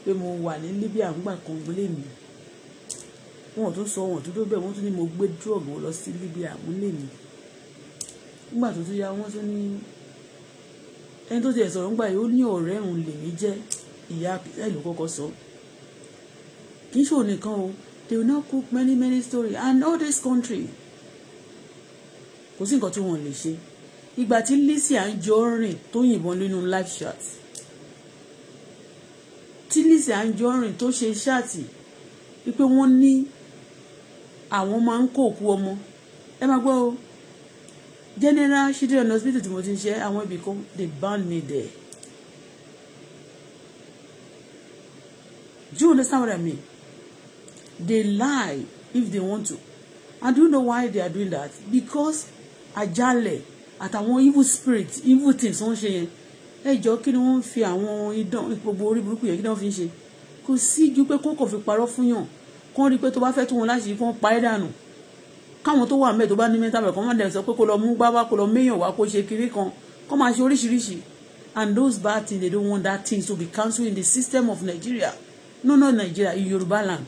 pé mo wà ní Libya ńgbà kan gbélé mi wọn ò tún sọ wọn ò tún tó bẹ́ẹ̀ wọ́n tún ní mo gbé drug wọn lọ sí Libya mo lè ní nígbà tó tún ya wọ́n tún ní ẹni tó tiẹ̀ sọ̀rọ̀ nígbà yìí ó ní ọ̀rẹ́ òun lè mí jẹ́ ìyá peter ló kọ́kọ́ sọ kì í ṣòro nìkan o they will now cook many many stories and all this country kò sí nǹkan tí wọ́n lè ṣe ìgbà tí Lizzy Anjorin tó yìnbọn nínú live chat tí Lizzy Anjorin tó ṣe ṣáàtì wípé wọ́n ní àwọn máa ń kó òkú ọmọ ẹ máa gbọ́ o general children hospital tí mo ti ń ṣe àwọn ibì kan they ban me there do you understand what I mean they lie if they want to and do you know why they are doing that because àjálẹ̀ àtàwọn evil spirit evil things wọ́n ṣe yẹn ẹ jọ kí ni wọ́n fi àwọn idán gbogbo orí burúkú yẹn kí ni wọ́n fi ń ṣe kò sí ju pé kókò fi parọ́ fún yàn kán rí pé tó bá fẹ́ tú wọn láti yí kán pa ẹ́ dànù káwọn tó wà mẹ́ẹ̀ tó bá ní mẹ́ta bẹ̀rẹ̀ kán máa dẹ̀ sọ pé kó lọ mú gbá wá kó lọ méèyàn wá kó ṣe kiri kan kán máa ṣe oríṣiríṣi and those bad things they don't want that thing to be cancelled in the system of Nigeria no no Nigeria in Yoruba land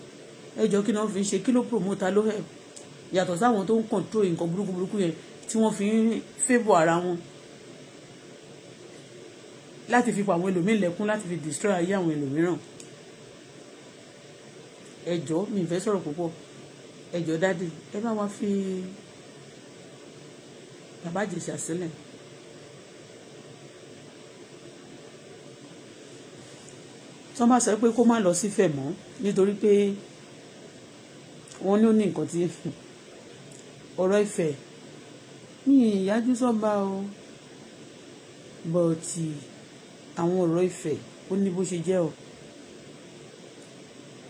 ẹ jọ kí ni wọ́n fi ń ṣe kí ló promoter ló help yàtọ̀ sáwọn tó ń control nǹkan burúkú burúkú yẹn tí wọ́n fi ń favour ara wọn láti fi pa àwọn ẹlòmíín lẹ́kún láti fi destroy ayé àwọn ẹlòmíràn ẹjọ́ mi fẹ́ sọ̀rọ̀ púpọ̀ ẹjọ́ dáàdì ẹ bá wa fi bàbá Ìjẹ̀ṣà sílẹ̀. tí wọ́n bá sọ pé kó má lọ sífẹ̀ mọ́ nítorí pé wọ́n ní ó ní nǹkan tí ọ̀rọ̀ ìfẹ́ mi ìyájú sọ́ba o bọ̀ọ̀tì àwọn ọ̀rọ̀ ìfẹ́ ó ní bó ṣe jẹ́ o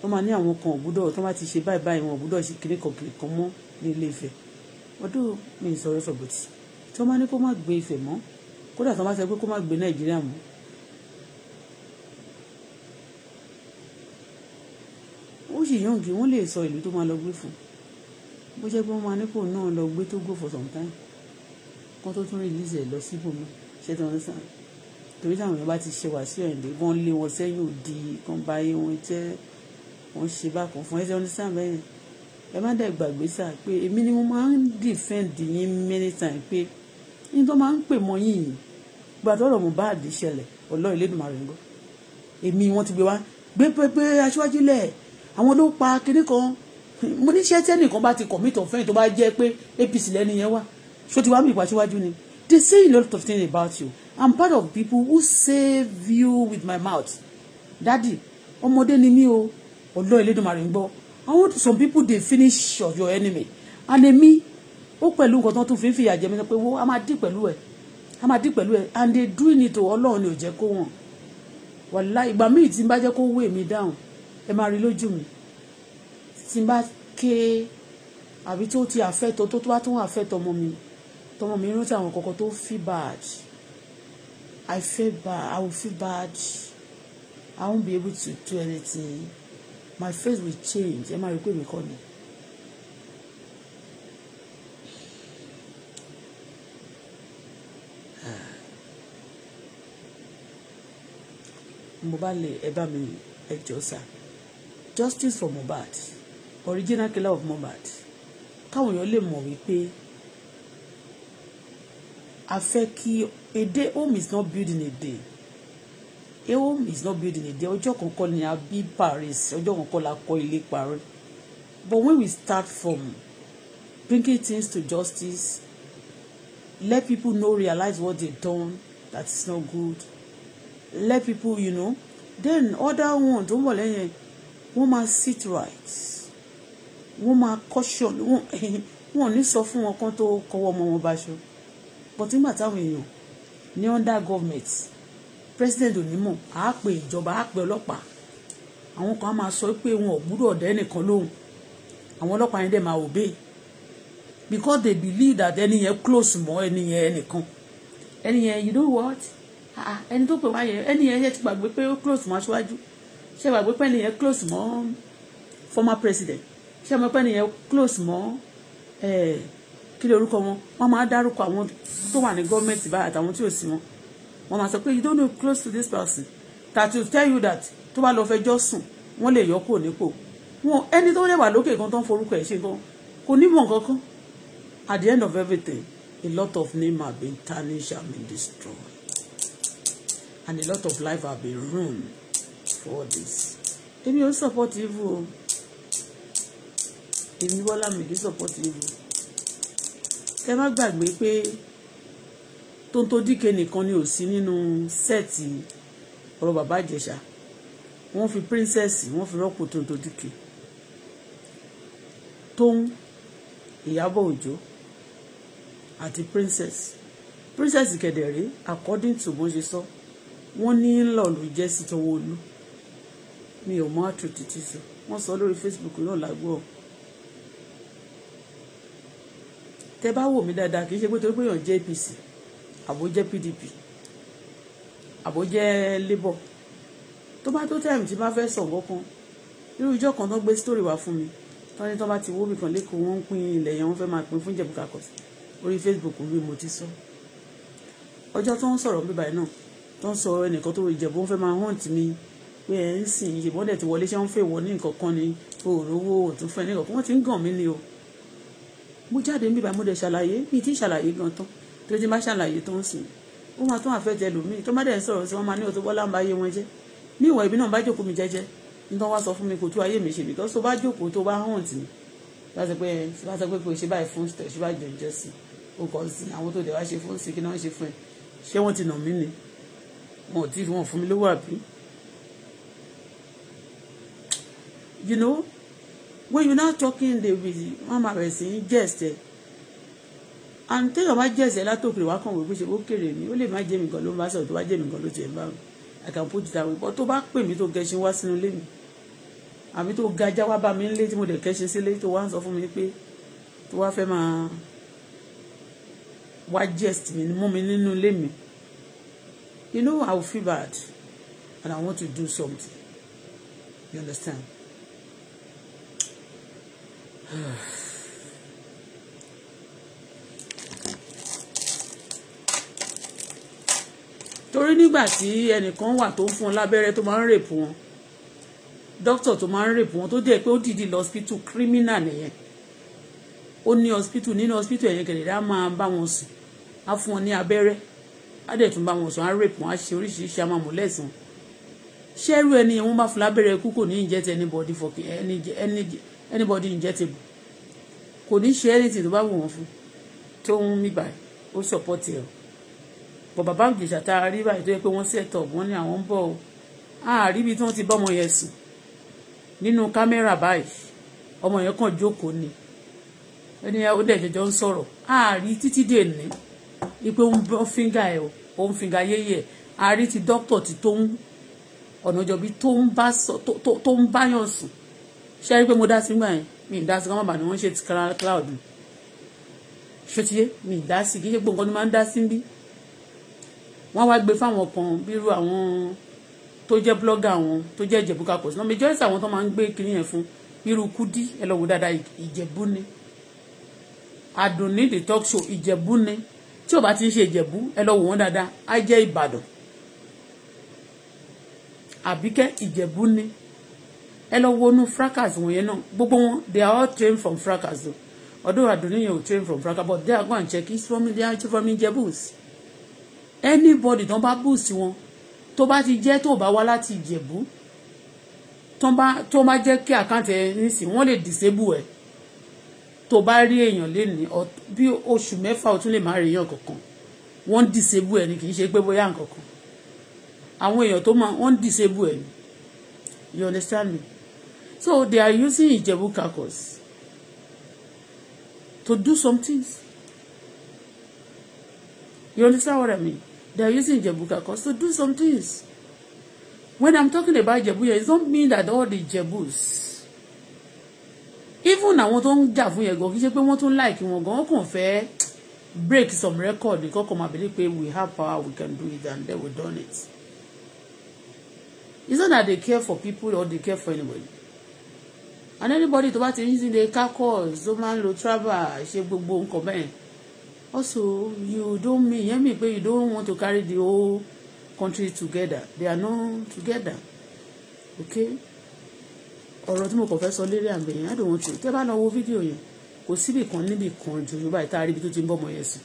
wọ́n máa ní àwọn kan ògbúdọ̀ tó bá ti ṣe báyìí báyìí wọn ògbúdọ̀ ṣe kiri kan kiri kan mọ́ ní ilé Ifẹ̀ ọdún mi ì sọ̀rọ̀ fẹ̀bọ̀tì tí wọ́n bá ní kó má gbé Ifẹ̀ mọ́ kódà tí wọ́n bá sọ pé kó má gbé Nàìjíríà mọ́ ó sì yànjú wọ́n lè sọ ìlú tó máa lọ gbé fún bó jẹ́ pé wọ́n máa ní kó náà lọ gbé tó gbó for some time kó tó tún release ẹ̀ lọ síbò mi ṣé tí wọ́n sàn torí táwọn èèyàn bá ti ṣe wà sí ẹ̀ǹdẹ́ wọ́n lé wọn sẹ́yìn òdì kan báyé wọn tẹ́ẹ́ wọ́n ṣe bákan fún ẹsẹ̀ oníṣàn bẹ́yẹn ẹ má dẹ̀ gbàgbé sáà pé èmi ni mo máa ń defend yín many times pé yín tó máa ń pè mọ́ yín yìí gba tọrọ Mohbad ṣẹlẹ̀ Ọlọ́run Elédùmarè ń gbọ́ èmi wọ́n ti gbé wá gbé pépé aṣíwájú lẹ̀ àwọn ló pa kinní kan mo ní ṣé tẹ́nìkan bá ti commit offense tó bá jẹ́ pé APC lẹ́ni yẹn wá ṣó ti wá mí ìpàṣíwájú ni they say a lot of things about you I'm part of people who save you with my mouth daddy ọmọdé ni mí o ọlọ́ Elédùmarè ń gbọ́ I want some people dey finish your, your enemy and èmi ó pẹ̀lú nǹkan tó tún fi ń fìyà jẹ mi pé wo a máa dì pẹ̀lú ẹ̀ a máa dì pẹ̀lú ẹ̀ and they do it to ọlọ́run ni ò jẹ́ kó wọ̀n wàlá ìgbà míì tí n bá jẹ́ kó wé mi dáhùn ẹ máa rí lójú mi tí n bá ké àbí tó ti àfẹ́tọ̀ tó tó bá tó ń àfẹ́tọ̀ ọmọ mi tọmọ mi rántí àwọn kọ̀ọ̀kan tó feel bad I feel bad I will feel bad I won't be able to do anything my face will change ẹ máa rí pé mi kọ́ ni. Mohbad lè ẹ bá mi ẹ sá justice for Mohbad original killer of Mohbad káwọn èèyàn lè mọ̀ wípé a fẹ́ kí a day home is not built in a day a home is not built in a day ọjọ́ kọ̀ọ̀kan ni a bí Paris ọjọ́ kọ̀ọ̀kan la kọ́ ilé parí but when we start from bringing things to justice let people know realize what they done that is not good let people you know then other ones tó ń bọ̀ lẹ́yìn wọ́n máa sit right wọ́n máa caution wọ́n ò ní sọ fún wọn kán tó kọwọ́ ọmọ wọn báṣọ but nígbà táwọn èèyàn ní under government president ò ní mọ̀ á pe ìjọba á pe ọlọ́pàá àwọn kan á máa sọ pé wọn ò gbúdọ̀ ọ̀dẹ́ nìkan lóhùn àwọn ọlọ́pàá yẹn dẹ̀ máa obey because they believe that ẹni yẹn close mọ́ ẹni yẹn ẹnìkan ẹni yẹn you know what ah, ah, ẹni tó pè wá yẹn ẹni yẹn yẹn ti gbàgbé pé ó close mọ́ aṣáájú ṣe gbàgbé pé ẹni yẹn close mọ́ former president ṣe mọ́ pé ẹni yẹn close mọ́ eh, kí ló orúkọ wọn wọ́n máa dárúkọ àwọn tó wà ní gọ́ọ̀mẹ̀ntì báyìí àtàwọn tí ò sí wọn wọ́n máa sọ pé you don't know close to this person that will tell you that tó bá lọ fẹjọ́ sùn wọ́n lè yọ kúrò nípò wọn ẹni tó lè wà lókè kan tó ń forúkọ ẹ̀ ṣe kan kò ní mọ̀ kankan at the end of everything a lot of name have been tarnished and been destroyed and a lot of life have been ruined for this èmi ò support evil o èmi Bọ́lá mi ò support evil ẹ má gbàgbé pé. Tonto Dike nìkan ni ò sí nínú sẹ́ẹ̀tì ọ̀rọ̀ bàbá Ìjẹ̀ṣà wọ́n fi princess wọ́n fi rọ́pò Tonto Dike tóun Ìyábọ̀ Òjó àti princess princess kẹ̀dẹ̀rẹ́ according to bó ṣe sọ wọ́n ní ńlọ ló jẹ́ sí tọwọ́ olú mi ò mọ àtúntò títí sọ wọ́n sọ lórí Facebook náà lágbóọ̀ tẹ bá wò mí dáadáa kì í ṣe pé torí pé èèyàn jẹ́ APC àbó jẹ́ pdp àbó labour tó bá tó time tí bá fẹ́ sọ̀gbọ́ kan irú ìjọ kan tó gbé story wá fún mi tọ́ni tó bá ti wó bìkan lẹ́kọ̀ọ́ wọ́n ń pín ilẹ̀ yẹn wọ́n fẹ́ máa pín fún ìjẹ̀bùkà kọ̀sì orí facebook mi mo ti sọ ọjọ́ tó ń sọ̀rọ̀ bíbáyìí náà tó ń sọ ẹnìkan tó ìjẹ̀bù wọ́n fẹ́ máa hunt mi pé ẹ̀ ń sìn ìyẹ̀bù dẹ̀ ti wọlé ṣé wọ́n fẹ́ wọ ní nǹkan kan ni òòrówó òtún fún ẹ nìkan wọ́n ti ń gàn mí ni o mo jáde níbàá mo dẹ̀ ṣàlàyé mi ti ṣàlàyé gan tán tó ti má ṣàlàyé tó ń sìn ó máa tún àfẹ́ jẹ lòmíì tó má dẹ̀ ń sọ̀rọ̀ sí wọn máa ní ọtọ́ bọ́lá ń bá yé wọn jẹ́ ní ìwọ̀n ibi náà bá jókòó mi jẹ́jẹ́ nítorí wá sọ fún mi kò tú ayé mi ṣe bìkọ́ tó bá jókòó tó bá hàn tì mí bá sọ pé bá sọ pé kò ṣe báyìí fún ṣe ṣe báyìí jọjọ sí o kò sí àwọn tó dẹ̀ wá ṣe fún sí kí náà ṣe fún ẹ ṣé wọ́n ti nà mí ni wọn ò tí wọn fún mi lówó àbí. you know when you now talking dey with mama rẹ̀ sí gẹ̀ẹ́sì and téèyàn bá jẹ́ ẹ̀sẹ̀ látòkèrè wá kàn wọ́n pé ṣe ó kéré mi ó lè má jẹ́ mi gan ló ń bá sọ̀rọ̀ tó bá jẹ́ mi gan ló tiẹ̀ ń bá mi I can put it away but tó bá pè mí tó gẹṣin wá sínú ilé mi àbí tó gajá wá bá mi nílé tí mo dẹ̀ kẹ́ṣin sílé tó wá ń sọ fún mi pé tó wá fẹ́ máa wá jest mi mú mi nínú ilé mi you know I will feel bad and I want to do something you understand. torí nígbà tí ẹnìkan wà tó ń fún ọ lábẹ́rẹ́ tó máa ń rèpù wọn dókítà tó máa ń rèpù wọn tó dẹ̀ pé ó dìdí lọ hospital criminal nìyẹn ó ní hospital nínú hospital ẹ̀yẹn kẹ̀lẹ́ dá máa bá wọn sùn á fún wọn ní abẹ́rẹ́ á dẹ̀ tún bá wọn sùn á rèpù wọn á ṣe oríṣiríṣi á máa mú lẹ́sìn ṣẹ́rú ẹni yẹn wọ́n bá fún lábẹ́rẹ́ kú kò ní inject anybody for anybody injectable kò ní ṣe anything tó bá wù wọ́n fún tó ń mí báyìí ó support ẹ̀ o bọ̀ bàbá ògèjà tá a rí báyìí tó yẹ pé wọ́n set up wọ́n ní àwọn ń bọ̀ o àárí ibi tí wọ́n ti bọ́ ọmọ yẹn sùn nínú kámẹ́rà báyìí ọmọ yẹn kàn jókòó ni ẹni ó dẹ̀ jọjọ́ ń sọ̀rọ̀ àárí títí dè ní ipe ń bọ́ fíngà ẹ̀ ó ń fíngà yéyẹ àárí ti dókítà ti tó ń ọ̀nà ìjọba tó ń báyàn sùn ṣe é rí pé mo dá sí gbà yẹn mi ì dá sí kámọ́bà ni wọ́n ṣe ti cloud ṣé ti yé mi ì dá sí kí ṣe gbogbo nǹkan ni máa ń dá sí bí wọ́n wá gbé fáwọn kan bírú àwọn tó jẹ́ blọ́gà wọn tó jẹ́ ìjẹ̀búkà pọ̀ sí náà majority àwọn tó máa ń gbé kiri yẹn fún irú kudi ẹ lọ wò dáadáa ìjẹ̀bú ni àdùnní the talk show ìjẹ̀bú ni tí ò bá ti ń ṣe ìjẹ̀bú ẹ lọ wò wọ́n dáadáa á jẹ́ ìbàdàn àbíkẹ́ ìjẹ̀bú ni ẹ lọ wo inú fracas wọ̀nyẹn náà gbogbo wọn they are all trained from fracas o although àdùnní yẹn ò trained from fracas but they are go and check it from their from anybody tó ń bá boost wọn tó bá ti jẹ́ tó bá wá láti ìjẹ̀bú tó bá tó bá jẹ́ kí àkáǹtì ẹ nísìn wọ́n lè disable ẹ̀ tó bá rí èèyàn lénìí bí oṣù mẹ́fà ó tún lè má rí èèyàn kankan wọ́n ń disable ẹ̀ ni kì í ṣe pé bóyá nǹkan kan àwọn èèyàn tó máa wọ́n ń disable ẹ̀ ni you understand me so they are using ìjẹ̀bú carcass to do some things you understand what I mean They are using Jebu Kakos to do some things. When I'm talking about Jebu it don't mean that all the Jebus, even àwọn tó ń jà fún yẹn gan kì í ṣe pé wọ́n tún like wọn gan wọ́n kàn fẹ́ break some record nìkan kan máa bẹ̀rẹ̀ pé we have power we can do it and then we done it. It's not that they care for people or they care for anybody. And anybody tó bá ti ń sin de kakos tó máa ń lo travel ṣe gbogbo nǹkan bẹ́ẹ̀ also you don't mean yẹn mi pé you don't want to carry the whole country together they are not together okay ọ̀rọ̀ tí mo kàn fẹ́ sọ lérí àgbẹ̀ yẹn i don't want to tẹ́ bá lọ wo fídíò yẹn kò síbì kan níbì kan jòjò báyìí tá a rí ibi tó ti ń bọ́ ọmọ yẹn sùn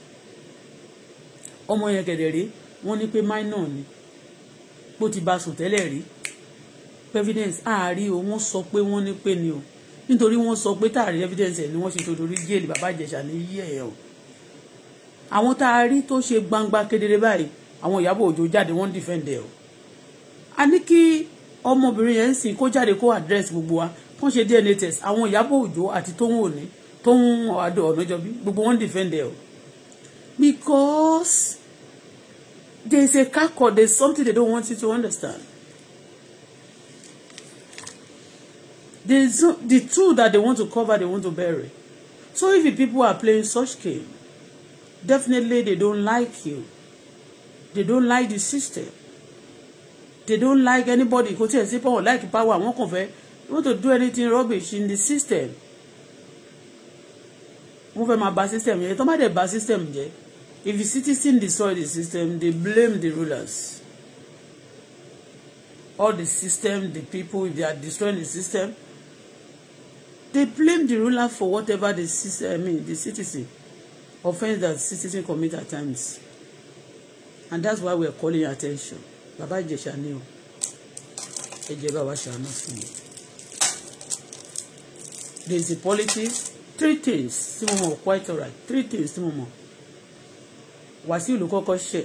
ọmọ yẹn kẹ̀dẹ̀ rí wọ́n ní pé minor ni bó ti bá sùn tẹ́lẹ̀ rí evidence ààrí o wọ́n sọ pé wọ́n ní pé ni o nítorí wọ́n sọ pé táàrí evidence ẹ̀ ni wọ́n ṣe tòdórí jẹ́ẹ̀lì bàbá ìjẹ̀ṣà ní yí ẹ̀ o àwọn tá a rí tó ṣe gbangba kedere báyìí àwọn Ìyábọ̀ Òjó jáde wọ́n ń dìfẹ́ǹdẹ̀ o a ní kí ọmọbìnrin yẹn ń sìn kó jáde kó address gbogbo wa kó ṣe DNA test àwọn Ìyábọ̀ Òjó àti tóun òní tóun àdó ọ̀nàjọ́bí gbogbo wọ́n ń dìfẹ́ǹdẹ̀ o because there is a kakọ there is something they don't want you to understand there is the truth that they want to cover they want to bury so if the people are playing such game Definitely, they don't like you. They don't like the system. They don't like anybody. Kò tiẹ̀ sí pé wọ́n like power. Wọ́n kàn fẹ́ want to do anything rubbish in the system. Wọ́n fẹ́ máa bà system jẹ́. Tó má dẹ̀ bà system jẹ́. If the citizen destroy the system, they blame the rulers. All the system, the people, if they are destroying the system, they blame the ruler for whatever the system, I mean, the citizen offense that citizens commit at times and that's why we are calling your attention bàbá ìjẹ̀sà ni o ẹ jẹ́ bá wa ṣàánú fún mi there is a politics three things tí mo mọ̀ quite alright three things tí mo mọ̀ Wàsíù ló kọ́kọ́ ṣẹ̀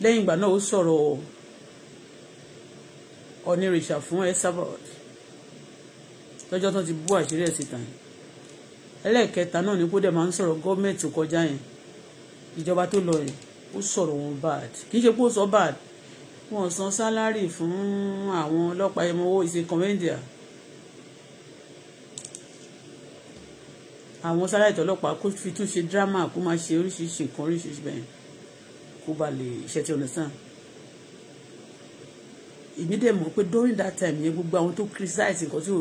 lẹ́yìn ìgbà náà ó sọ̀rọ̀ onírìṣà fún El Salvador lọ́jọ́ tó ti bú àṣírí ẹ̀ síta yìí ẹlẹ́ẹ̀kẹta náà ni kó dẹ̀ máa ń sọ̀rọ̀ gọ́ọ̀mẹ̀ntì kọjá yẹn ìjọba tó lọ yẹn ó sọ̀rọ̀ wọn bad kì í ṣe pé ó sọ bad wọn san sálárì fún àwọn ọlọ́pàá ẹ̀mọ owó ìṣe kọ́mẹ́ndìà àwọn sálárì tọ́lọ́pàá kó fi tún ṣe dírámà kó máa ṣe oríṣiríṣi nǹkan oríṣiríṣi bẹ́ẹ̀ kó ba lè ṣe ti understand èmi dẹ̀ mọ̀ pé during that time yẹn gbogbo àwọn tó criticize nǹkan tí ò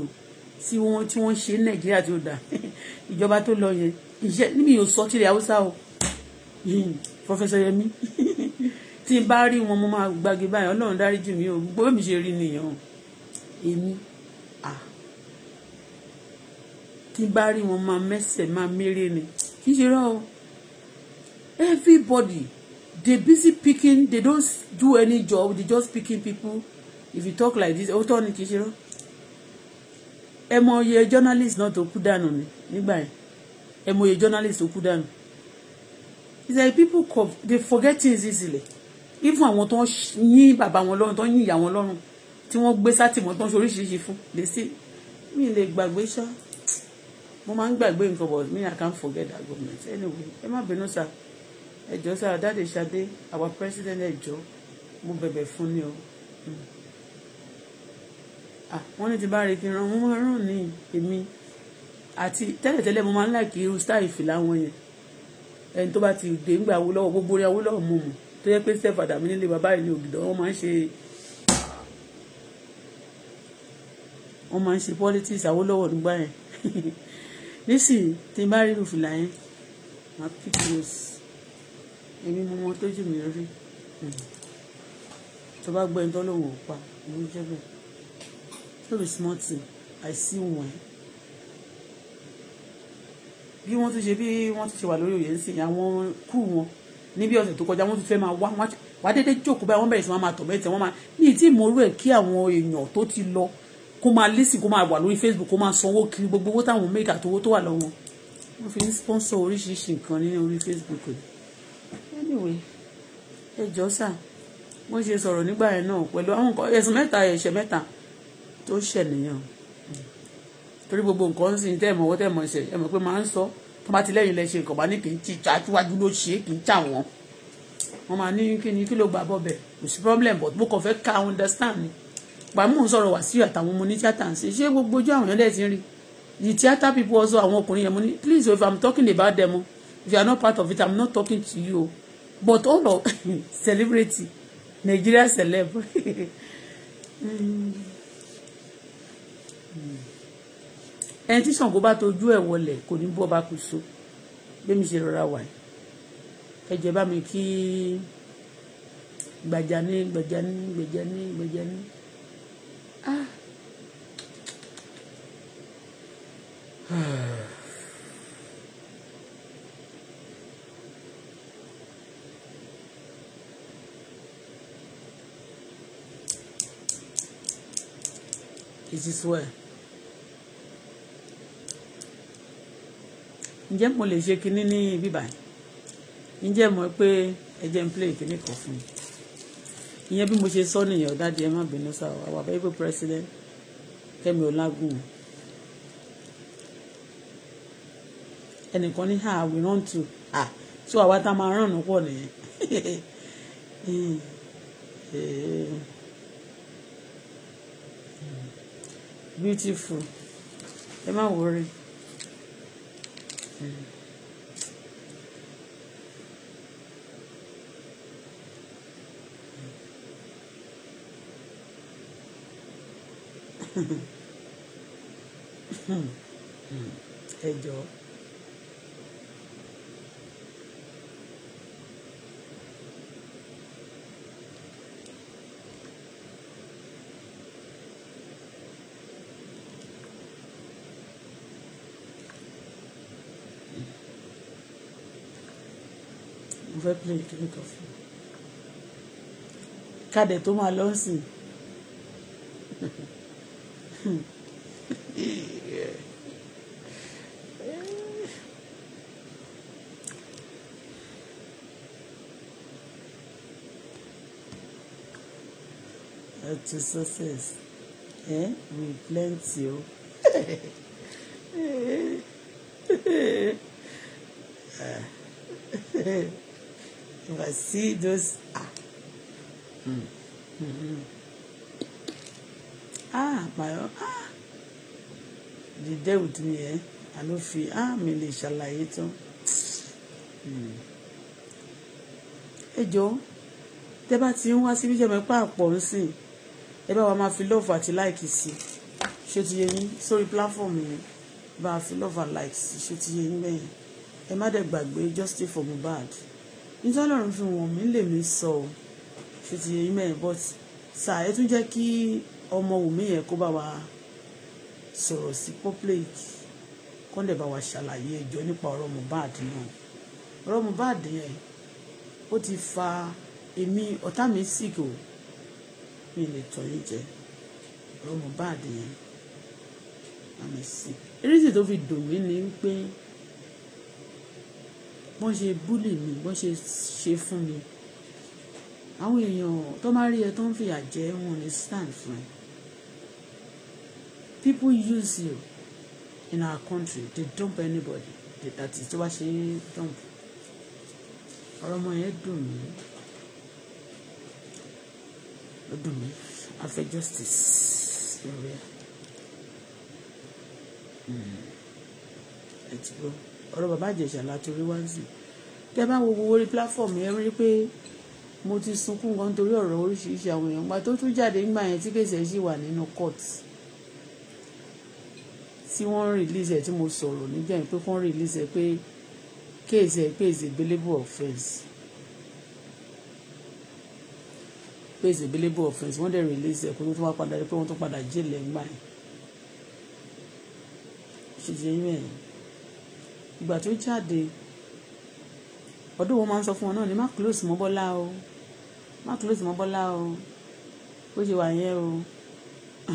tí wọ́n tí wọ́n ṣe ní nàìjíríà tí ó dà ìjọba tó lọ yẹn iṣẹ́ níbi yóò sọ tilẹ̀ haúsá o pọfẹsọ yẹmi tí n bá rí wọn mo máa gbàgbé báyìí ọlọ́run dáríjì mi ò gbogbo mi ṣe rí nìyẹn o èmi à tí n bá rí wọn máa mẹ́sẹ̀ máa mérè ni kì í ṣe rọ everybody dey busy picking they don't do any job they just picking people if you talk like this ó tọ́ ni kì í ṣe rọ ẹ mọ journalist náà tó kú dànù ni nígbà yẹn ẹ mọ iye journalist tó kú dànù He say people cop they forget things easily even àwọn tó ń yín bàbá wọn lọ́rùn tó ń yín ìyá wọn lọ́rùn tí wọ́n gbé sátìmọ́ tó ń ṣe oríṣiríṣi fún lè sí mi lè gbàgbé ṣá mo máa ń gbàgbé nǹkan but me I can't forget that government anyway ẹ má bínú sa ẹjọ́ sá dáde ṣadé our president ẹjọ́ mo bẹ̀bẹ̀ fún ni o Ah, wọ́n ní ti bá rí kí n rán wọ́n máa rán ní èmi àti tẹ́lẹ̀tẹ́lẹ̀ mo máa ń láìkí irú style ìfìlà wọn yẹn ẹni tó bá ti dé ń gbà Awólọ́wọ̀ gbogbo orí Awólọ́wọ̀ mọ̀ mọ̀ tó yẹ pé sef àdàmú nílé bàbá ìlú Ògìdọ̀ wọ́n máa ń ṣe wọ́n máa ń ṣe politics Awólọ́wọ̀ nígbà yẹn nísìnyí tí n bá rí irú ìfìlà yẹn máa píkìlọ́s èmi mo mọ tó jù mí rí hmm. tó bá gbọ́ ẹni tó lòun ò pa òun jẹ́ bẹ́ẹ̀ no be small thing i see one bí wọ́n tún ṣe bí wọ́n tún ṣe wà lórí òye ńsìn àwọn kú wọn níbi ọ̀sẹ̀ tó kọjá wọ́n tún fẹ́ máa wá wá dédé jókòó báyìí wọ́n bẹ̀rẹ̀ sí máa tọ̀ bẹ́ẹ̀ tẹ̀ wọ́n máa ní ìtí ìmọ̀rú ẹ̀ kí àwọn èèyàn tó ti lọ kó máa lísìn kó máa wà lórí Facebook kó máa sanwó kiri gbogbo owó táwọn méjì àtowó tó wà lọ́wọ́ wọ́n fi ń sponsor oríṣiríṣi nǹkan ní orí Facebook rẹ̀ anyway ẹ jọ sà wọ́n ṣe sọ̀rọ̀ nígbà yẹn náà pẹ̀lú àwọn ẹ̀sùn mẹ́ta ẹ̀ṣẹ̀ mẹ́ta tó ṣẹ̀ nìyẹn torí gbogbo nǹkan sì ń tẹ̀ mọ́ owó tẹ̀ mọ́ ṣe ẹ mọ̀ pé máa ń sọ tó bá ti lẹ́yìn lẹ́ ṣe nǹkan bá ní kì í ti ṣáájúwájú ló ṣe kì í tà wọ́n wọ́n máa ní kí ni kí ló gbà bọ́bẹ̀ kò sí problem but mo kàn fẹ́ ká understand ni pàmò ń sọ̀rọ̀ wá sí àtàwọn ọmọ ní tíátà ń ṣe ṣé gbogbo ojú àwọn ẹlẹ́ẹ̀ ti ń rí the theatre people also àwọn ọkùnrin yẹn mo ní please oh, if i'm talking about them oh, if you are not part of it i'm not talking to you oh. but all of celebrity Nigeria celeb. mm ẹni tí Ṣàngó bá tojú ẹ̀ wọlẹ̀ kò ní bú ọba kù so bẹ́ẹ̀ mi ṣe rọra wà ẹ jẹ́ bá mi kí gbàjáni gbàjáni gbàjáni gbàjáni ah. it is well. ǹjẹ́ mo lè ṣe kinní ní bíbá yìí ǹjẹ́ mo pé ẹ jẹ́ ń play kinní kan fún mi ìyẹn bí mo ṣe sọ nìyẹn ọ̀dàdì ẹ má bínú sá o our very president Kẹ́mi Ọlágùn ẹnìkan ní ha we run to ha so àwa tá a máa ràn nù pọ̀ nìyẹn. Hmm. Eh. beautiful ẹ Hmm. Hmm. Hey, hmm. Joe. play ìkíní kan fún mi káàdẹ tó máa lọ sí to success eh we plenty o. see those ah mm, mm ah my ah the day with me eh I no fit ah me lè ṣàlàyé tán hmm. ẹ jọ̀ọ́ tẹ bá ti ń wá síbí jẹ́ mẹ́pà pọ̀ ń sìn ẹ bá wa máa fi love àti like sí ṣé ti yé yín sórí platform yẹn bá a fi love and like sí ṣé ti yé yín bẹ́yẹn ẹ má dẹ̀ gbàgbé justice for Mohbad nítorí ọlọ́run fi wọ̀n mí lèmi sọ ọ́ ṣe ti yẹ email but sà ẹ tún jẹ́ kí ọmọ wùmí yẹn kó bá wa sọ̀rọ̀ sí public kọ́ lè bá wa ṣàlàyé ẹjọ́ nípa ọ̀rọ̀ Mohbad náà ọ̀rọ̀ Mohbad yẹn ó ti fa èmi ọ̀tá mi sìgò mi lè tọ́ yín jẹ ọ̀rọ̀ Mohbad yẹn àmì sí. erésì tó fi dùn mí ni pé bọ́n ṣe búlì mi bọ́n ṣe ṣe fún mi àwọn èèyàn tó máa rí ẹ tó ń fìyà jẹ wọn ní stand fún ẹ people use you in our country they dump anybody they that is tó bá ṣe dump ọ̀rọ̀ ọmọ yẹn dùn mí ó dùn mí I fẹ́ justice lórí ẹ hmm. ẹ ti gbọ́ ọ̀rọ̀ bàbá ìjẹ̀ṣà látorí wá sí tẹ́ bá wo gbogbo orí platform yẹn rí pé mo ti sunkún gan torí ọ̀rọ̀ oríṣiríṣi àwọn èèyàn gba tó tún jáde nígbà yẹn tí kèsì ẹ̀ sì wà nínú court tí wọ́n ń release ẹ̀ tí mo sọ̀rọ̀ nígbà yẹn pé kí release ẹ̀ pé kèsì ẹ̀ pé é a billable offence pé is a billable offence wọ́n dẹ̀ release ẹ̀ kó tó tún wá padà rí pé wọ́n tún padà jẹ́lẹ̀ ńgbà yẹn ṣe ti yín mẹ́rin ìgbà tó jáde ọdún wọn máa ń sọ fún wọn náà ní má close mọ́ Bọ́lá o má close mọ́ Bọ́lá o ó ṣe wà yẹn o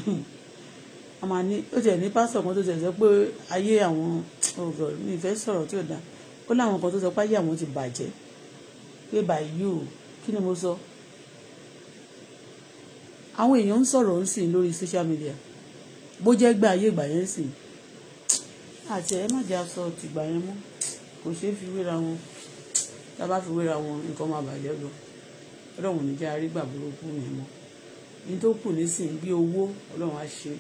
a máa ní ó tiẹ̀ ní pásítọ̀ kan tó tiẹ̀ sọ pé ayé àwọn ọ̀rọ̀ oh mi ìfẹ́ sọ̀rọ̀ tí ò dáa ó láwọn kan tó sọ pé ayé àwọn ti bàjẹ́ pé by you kí ni mo sọ àwọn èèyàn ń sọ̀rọ̀ ń sìn lórí social media bó jẹ́ gbà ayé ìgbà yẹn sìn àti ẹ má jẹ́ aṣọ tìgbà yẹn mọ́ kò ṣeé fi wéra wọn tá a bá fi wéra wọn nǹkan máa bàjẹ́ lọ ọlọ́run ò ní jẹ́ arígbà burúkú yẹn mọ́ ní tó kù nísìnyí bí owó ọlọ́run á ṣe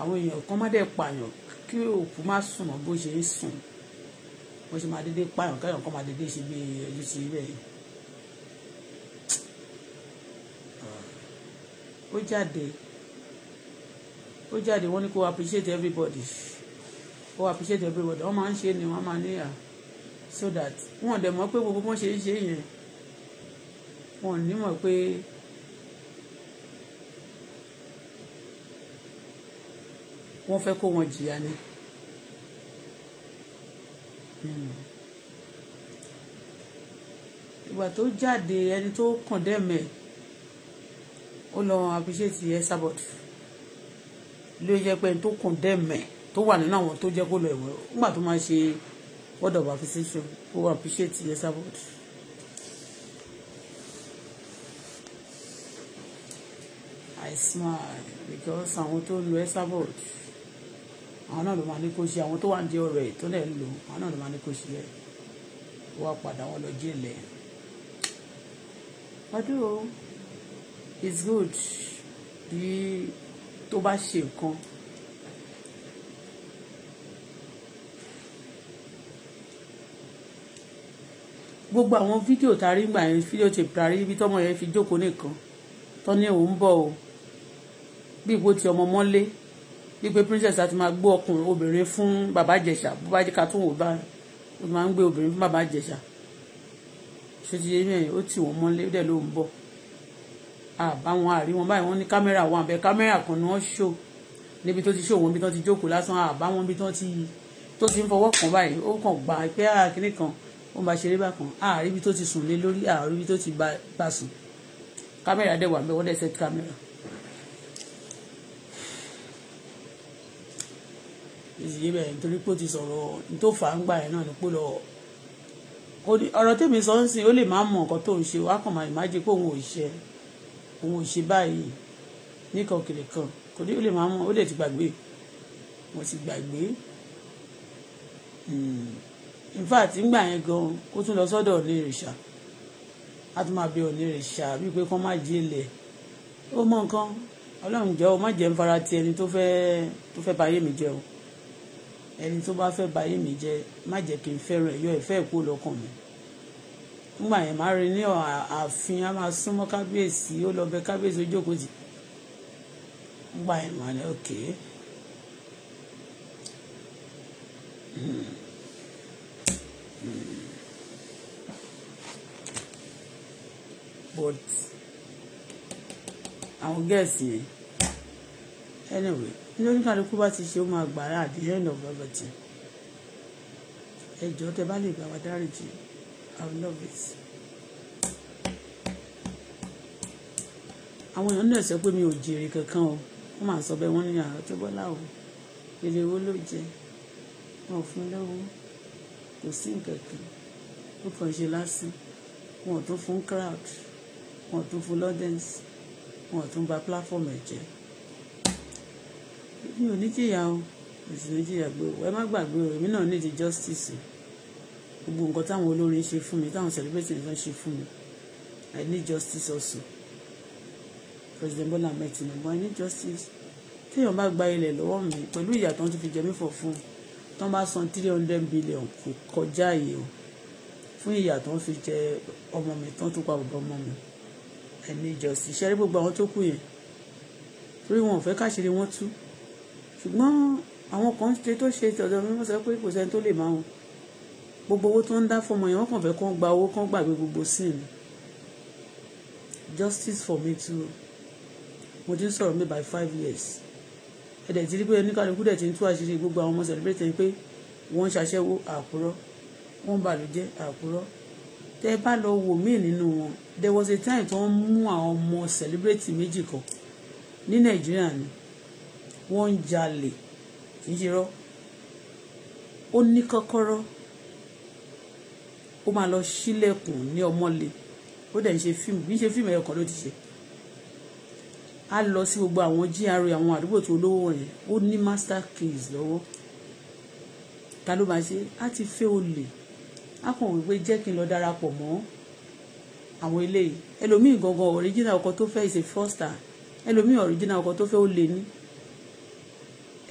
àwọn èèyàn kan má dẹ̀ pààyàn kí òkú má sùn mọ́ bó ṣe ń sùn bó ṣe máa dédé pààyàn káyọ̀ kan máa dédé ṣe bí ẹjú ti rẹ̀ yìí. ó jáde ó jáde wọ́n ní kó appreciate everybody ó appreciate everybody wọ́n máa ń ṣe ni wọ́n máa ní ah, so that wọ́n dẹ̀ mọ̀ pé gbogbo bọ́n ṣe ń ṣe yẹn wọ́n ní mọ̀ pé wọ́n fẹ́ kó wọn jìyà ni. Hmm. ìgbà tó jáde ẹni tó kàn dé ó lọ appreciate ẹ sábọ̀dù ló yẹ pé ẹni tó kàn dé tó wà nínú àwọn tó jẹ́ kó lọ ẹ̀wọ̀n nígbà tó máa ṣe word of appreciation ó appreciate yes about. I smile because àwọn tó lo Esabod àwọn náà ló máa ní kó ṣe àwọn tó wà ní ọ̀rọ̀ ẹ̀ tó lẹ̀ ń lò àwọn náà ló máa ní kó ṣe ẹ̀ wá padà wọn lọ jẹ́lẹ̀. ọdún o it's good bí tó bá ṣe nǹkan gbogbo àwọn fídíò tá a rí gbà yẹn fídíò ti parí ibi tọ́mọ yẹn fi jókòó nìkan tó ní òun bọ̀ o bí ipò ti ọmọ mọ́lé bí pé princess àti máa gbé ọkùnrin obìnrin fún bàbá ìjẹ̀ṣà bó bá jẹ́ ká tún wò bá máa ń gbé obìnrin fún bàbá ìjẹ̀ṣà ṣé ti yé mẹ́rin ó tì wọ́n mọ́lé ó dẹ̀ ló ń bọ̀ àbá wọn àrí wọn báyìí wọ́n ní kámẹ́rà wọn àbẹ kámẹ́rà kan ni wọ́n ṣó níbi tó ti ṣó wọn bí tó ti jókòó lásán àbá wọn bí tó ti tó ti ń fọwọ́ kàn báyìí ó kàn gbà pé àkíní ah, kan ó máa ṣeré bákan àárí ibi tó ti sùn lé lórí àárí ibi tó ti bá sùn kámẹ́rà dẹ̀ wà mẹ́wọ́n dẹ̀ set kámẹ́rà. ìyí bẹ́ẹ̀ nítorí pé ó ti sọ̀rọ̀ tó fà á ń gbà yẹn náà ni pé lọ ọ̀rọ̀ tèmi sọ ń sìn ó lè má mọ nǹkan tó ń ṣe wá kàn máa ìmájì pé òun ò ṣe òun ò ṣe báyìí nìkan kiri kan kò ní ó lè má mọ ó lè ti gbàgbé mo ti gbàgbé. Hmm infact, fact ngbà yẹn gan kó tún lọ sọ́dọ̀ onírìṣà a tún máa bẹ onírìṣà bíi pé kán má jí ilẹ̀ ó mọ nǹkan ọlọ́run jẹ́ o má jẹ́ ń fara ti ẹni tó fẹ́ tó fẹ́ báyé mi jẹ́ o ẹni tó bá fẹ́ báyé mi jẹ́ má jẹ́ kí n fẹ́ràn ẹ̀yọ́ ìfẹ́ ìkó lọ́kàn mi ngbà yẹn máa rí ní ààfin a máa súnmọ́ kábíyèsí ó lọ bẹ kábíyèsí ó jókòó tì ngbà yẹn máa ní òkè. Hmm. but àwọn gẹ̀ẹ́sì yẹn anyway lórí kálukú bá ti ṣe ó máa gbàrà àdéhùn ẹ̀nà bàbà tì ẹjọ́ tẹ bá lè gbà wá dáríjì i will love it. àwọn èèyàn náà sọ pé mi ò jèrè kankan o wọ́n máa sọ bẹ́ẹ̀ wọ́n ní àárọ̀ tó bọ́lá o èrè owó ló jẹ wọn ò fún lọ́wọ́ kò sí nǹkan kan ó kàn ṣe lásán wọn ò tún fún crowd wọn tún fún lọ́dẹ̀nsì wọn tún ba platform ẹ̀ jẹ́ mi ò ní jìyà o èsì ní jìyà gbé o ẹ má gbàgbé o èmi náà ní di justice gbogbo nǹkan táwọn olórin ṣe fún mi táwọn celebrity nǹkan ṣe fún mi I need justice also President Bola Ahmed Tinubu I need justice téèyàn bá gba ilẹ̀ lọ́wọ́ mi pẹ̀lú ìyà tó ń tún fi jẹ mí fọ̀ fún tó ń bá san three hundred billion kò kọjá yìí o fún ìyà tó ń fi jẹ ọmọ mi tó ń tún pa bàbá ọmọ mi ẹ̀mí ìjọsìn ṣẹ́rí gbogbo àwọn tó kù yẹn torí wọn ò fẹ́ káṣírí wọn tú ṣùgbọ́n àwọn kan ṣe tó ṣe tọ̀dọ̀ mímọ́ sọ pé kò sẹ́ni tó lè máa wọn gbogbo owó tó ń dá fọmọ yẹn wọ́n kàn fẹ́ kán gba owó kán gbàgbé gbogbo sin justice for me too mo ti ń sọ̀rọ̀ mi by five years ẹ̀dẹ̀ ti rí pé oníkàlùkù dẹ̀ ti ń tú àṣírí gbogbo àwọn ọmọ celebrate pé wọ́n ń ṣaṣẹ́wó àkúrọ́ wọ́n ń bàlújẹ́ àkúrọ́ tẹ bá lọ wò mí nínú wọn there was a time tó ń mú àwọn ọmọ celebrity méjì kan ní nàìjíríà ni wọ́n ń jalè kì í ṣe rọ́ ó ní kọ́kọ́rọ́ ó máa lọ sílẹ̀kùn ní ọmọlé ó dẹ̀ ń ṣe fíìmù bí ń ṣe fíìmù ẹ̀yọ̀kan ló ti ṣe á lọ sí gbogbo àwọn GRA àwọn àdúgbò tó lówó wọ̀nyẹn ó ní master keys lọ́wọ́ ta ló máa ṣe á ti fẹ́ olè á kàn wípé jẹ́ kí n lọ darapọ̀ mọ́ àwọn eléyìí ẹlòmíì gangan original ọkọ tó fẹ́ ìṣe foster ẹlòmíì original ọkọ tó fẹ́ ó lè ní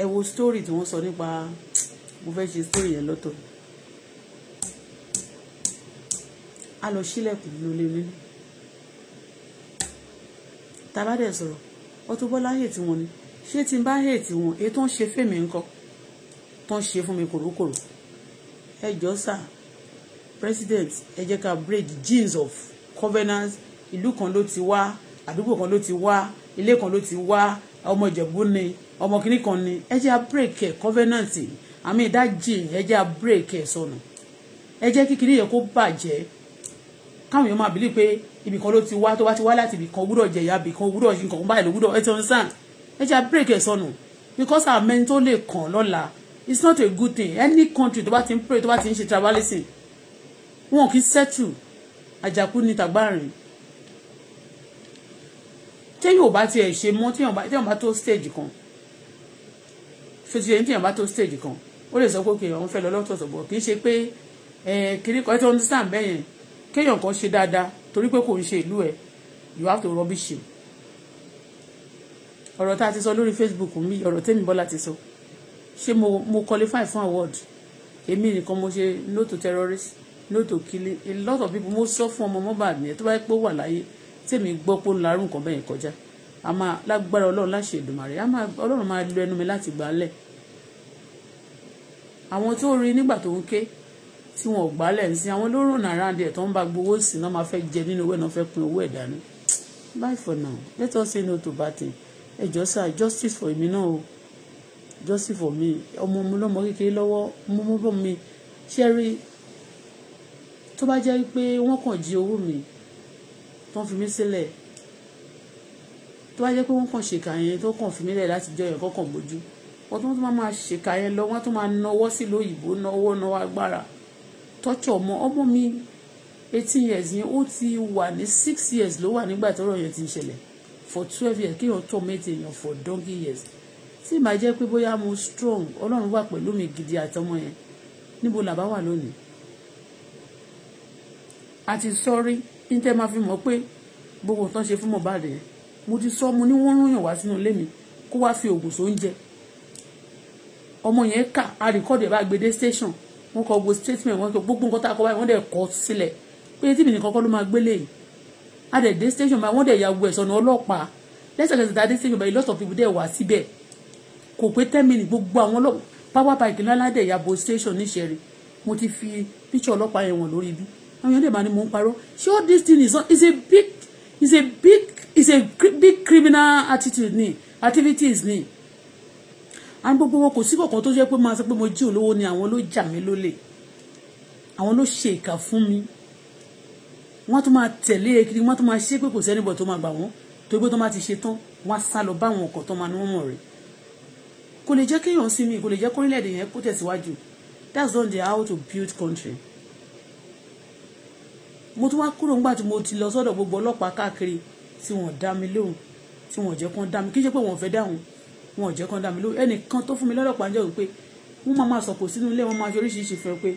ẹ wo story tí wọ́n sọ nípa mo fẹ́ ṣe story yẹn lọ́tọ̀ a lọ sílẹ̀kùn lólé nínú tàbá dẹ̀ sọ̀rọ̀ Auto-Bola hate wọn ni ṣé tí n bá hate wọn èyí tó ń ṣe fèmí ńkọ́ tó ń ṣe fún mi kòrókòrò ẹ jọ sáà president ẹ jẹ́ ká break genes of covenant ìlú kan ló ti wá àdúgbò kan ló ti wá ilé kan ló ti wá ọmọ ìjẹ̀bú ni ọmọ kìnnì kan ni ẹ jẹ́ break ẹ̀ covenant àmì ìdájì ẹ jẹ́ break ẹ̀ sọnù ẹ jẹ́ kíkiri yẹn kó bàjẹ́ káwọn èèyàn máa bìlí pé ibì kan ló ti wá tó bá ti wá láti ibì kan gbúdọ̀ jẹ̀yà ibì kan gbúdọ̀ yìí nǹkan báyìí ló gbúdọ̀ ẹ ti ń sàn ẹ jẹ́ break ẹ̀ sọnù because àmẹ́ni tó lè kàn lọ́la it's not a good thing any country tó bá ti ń pray tó bá ti ń ṣe traveling wọn kì í sẹ́tù àjàkú ní tàgbárin téyàn ò bá tiẹ̀ ṣe mọ́ téyàn bá tó stage kan fèsì ẹni téyàn bá tó stage kan ó lè sọ pé kí àwọn fẹ́ lọ lọ́tọ̀ọ̀tọ̀ kì í ṣe pé kiri kan tó ń sàn bẹ́ẹ̀ yẹn kéèyàn kan ṣe dáadáa torí pé kò ń ṣe ìlú ẹ̀ you have to rubbish him ọ̀rọ̀ tá a ti sọ lórí Facebook mi ọ̀rọ̀ tẹ́mi Bọ́lá ti sọ ṣé mo mo qualify fún award èmi nìkan mo ṣe no to terrorist no to killing a lot of people mo sọ fún ọmọ Mohbad nìyẹn tó bá yẹ pé ó wà láyé tèmi gbọ́ pé ó ń larú nǹkan bẹ́ẹ̀ kọjá a máa lágbára ọlọ́run láṣẹ Èdùmàrè a máa ọlọ́run máa lo ẹnu mi láti gbálẹ̀ àwọn tó rí nígbà tó ń ké tí wọn ò gbálẹ̀ ń sin àwọn ló rùn náírà díẹ̀ tó ń bá gbowó sí náà máa fẹ́ jẹ nínú owó ẹ̀ náà fẹ́ pin owó ẹ̀ dání bye for now let us say no to bad thing ẹ jọ sá justice for èmi náà o justice for me ọmọ mi lọmọ kékeré lọ́wọ́ mú mú bọ́ mi ṣẹ́rí tó bá jẹ́ pé wọ́n kàn jí owó mi tó ń fi mí sílẹ̀ tó bá jẹ́ pé wọ́n kàn ṣèkà yẹn tó kàn fi mí lẹ̀ láti jọ yẹn kọ́kàn gbójú wọ́n tó máa máa ṣèkà yẹn lọ wọ́n tó máa nawọ́ sí lóyìnbó nawọ́ nawọ́ agbára tọ́jú ọmọ ọmọ mi eighteen years yẹn ó ti wà ní six years ló wà nígbà tọ́rọ̀ yẹn ti ń ṣẹlẹ̀ for twelve years kéèyàn tó méje èèyàn for donkey years tí ìmọ̀ jẹ́ pé bóyá mo strong ọlọ́run wà pẹ̀lú mi gidi àtọmọ yẹn níbo làbá wà lónìí àti sọ́rí ní tẹ́ máa fi mọ̀ pé gbogbo nǹkan ṣe fún Mohbad yẹn mo ti sọ mo ní wọ́n ròyìn wá sínú ilé mi kó wá fi oògùn sóúnjẹ ọmọ yẹn kà á rìkọ́dù ẹ̀ bá gbèdé station wọ́n kọ gbogbo statement wọ́n kọ gbogbo nǹkan tá a kọ báyìí wọ́n dẹ̀ kọ sílẹ̀ pé tí mi nìkan kọ́ ló máa gbélé yìí a dẹ̀ dé station báyìí wọ́n dẹ̀ ya gbogbo ẹ̀sọ́nù ọlọ́pàá lẹ́sẹ̀kẹsẹ̀ tá a dé station báyìí lots of people dẹ̀ wá síbẹ̀ kò pé ten minutes gbogbo àwọn ọlọ́pàá power bike ńlá dẹ̀ ya bo station níṣẹ́rí mo ti fi picture ọlọ́pàá yẹn wọ̀n lórí bí àwọn èèyàn lè máa ní mò this thing is is a big is a big is a big criminal attitude ni activities ni à ń gbogbo wọn kò sí kọ̀ọ̀kan tó jẹ́ pé máa sọ pé mo jí olówó ni àwọn ló jà mí lólè àwọn ló ṣe ìkà fún mi wọ́n tún máa tẹ̀lé ekiri wọ́n tún máa ṣe pé kò sẹ́ni bọ̀ tó máa gbà wọ́n torí pé tó máa ti ṣe tán wọ́n á sá lọ bá àwọn ọkọ̀ that's not the how to build country mo tún wá kúrò nígbà tí mo ti lọ sọ́dọ̀ gbogbo ọlọ́pàá káàkiri tí wọ́n dá mi lóhùn tí wọ́n jẹ́ kán dá mi kí n ṣe pé wọ́n fẹ́ dáhùn wọ́n jẹ́ kán dá mi lóhùn ẹnìkan tó fún mi lọ́dọ̀ pàǹjẹ́ wípé wọ́n máa máa sínú ilé wọ́n máa ṣe oríṣiríṣi fẹ́ pé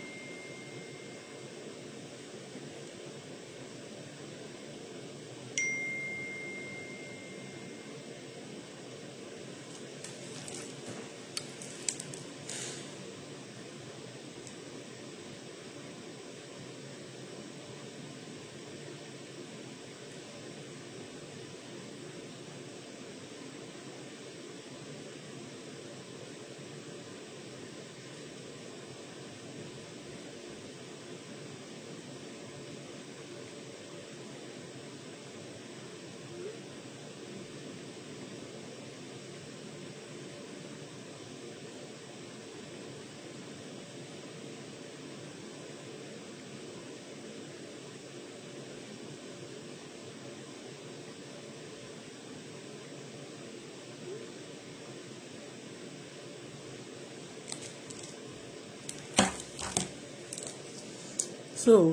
so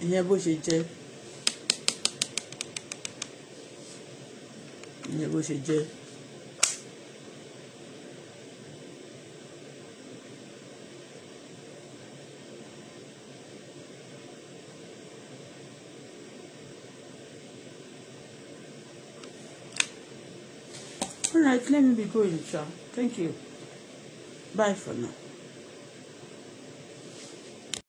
ìyẹn bó ṣe jẹ́ ìyẹn bó ṣe jẹ́. All right, let me be going, child. Thank you. Bye for now.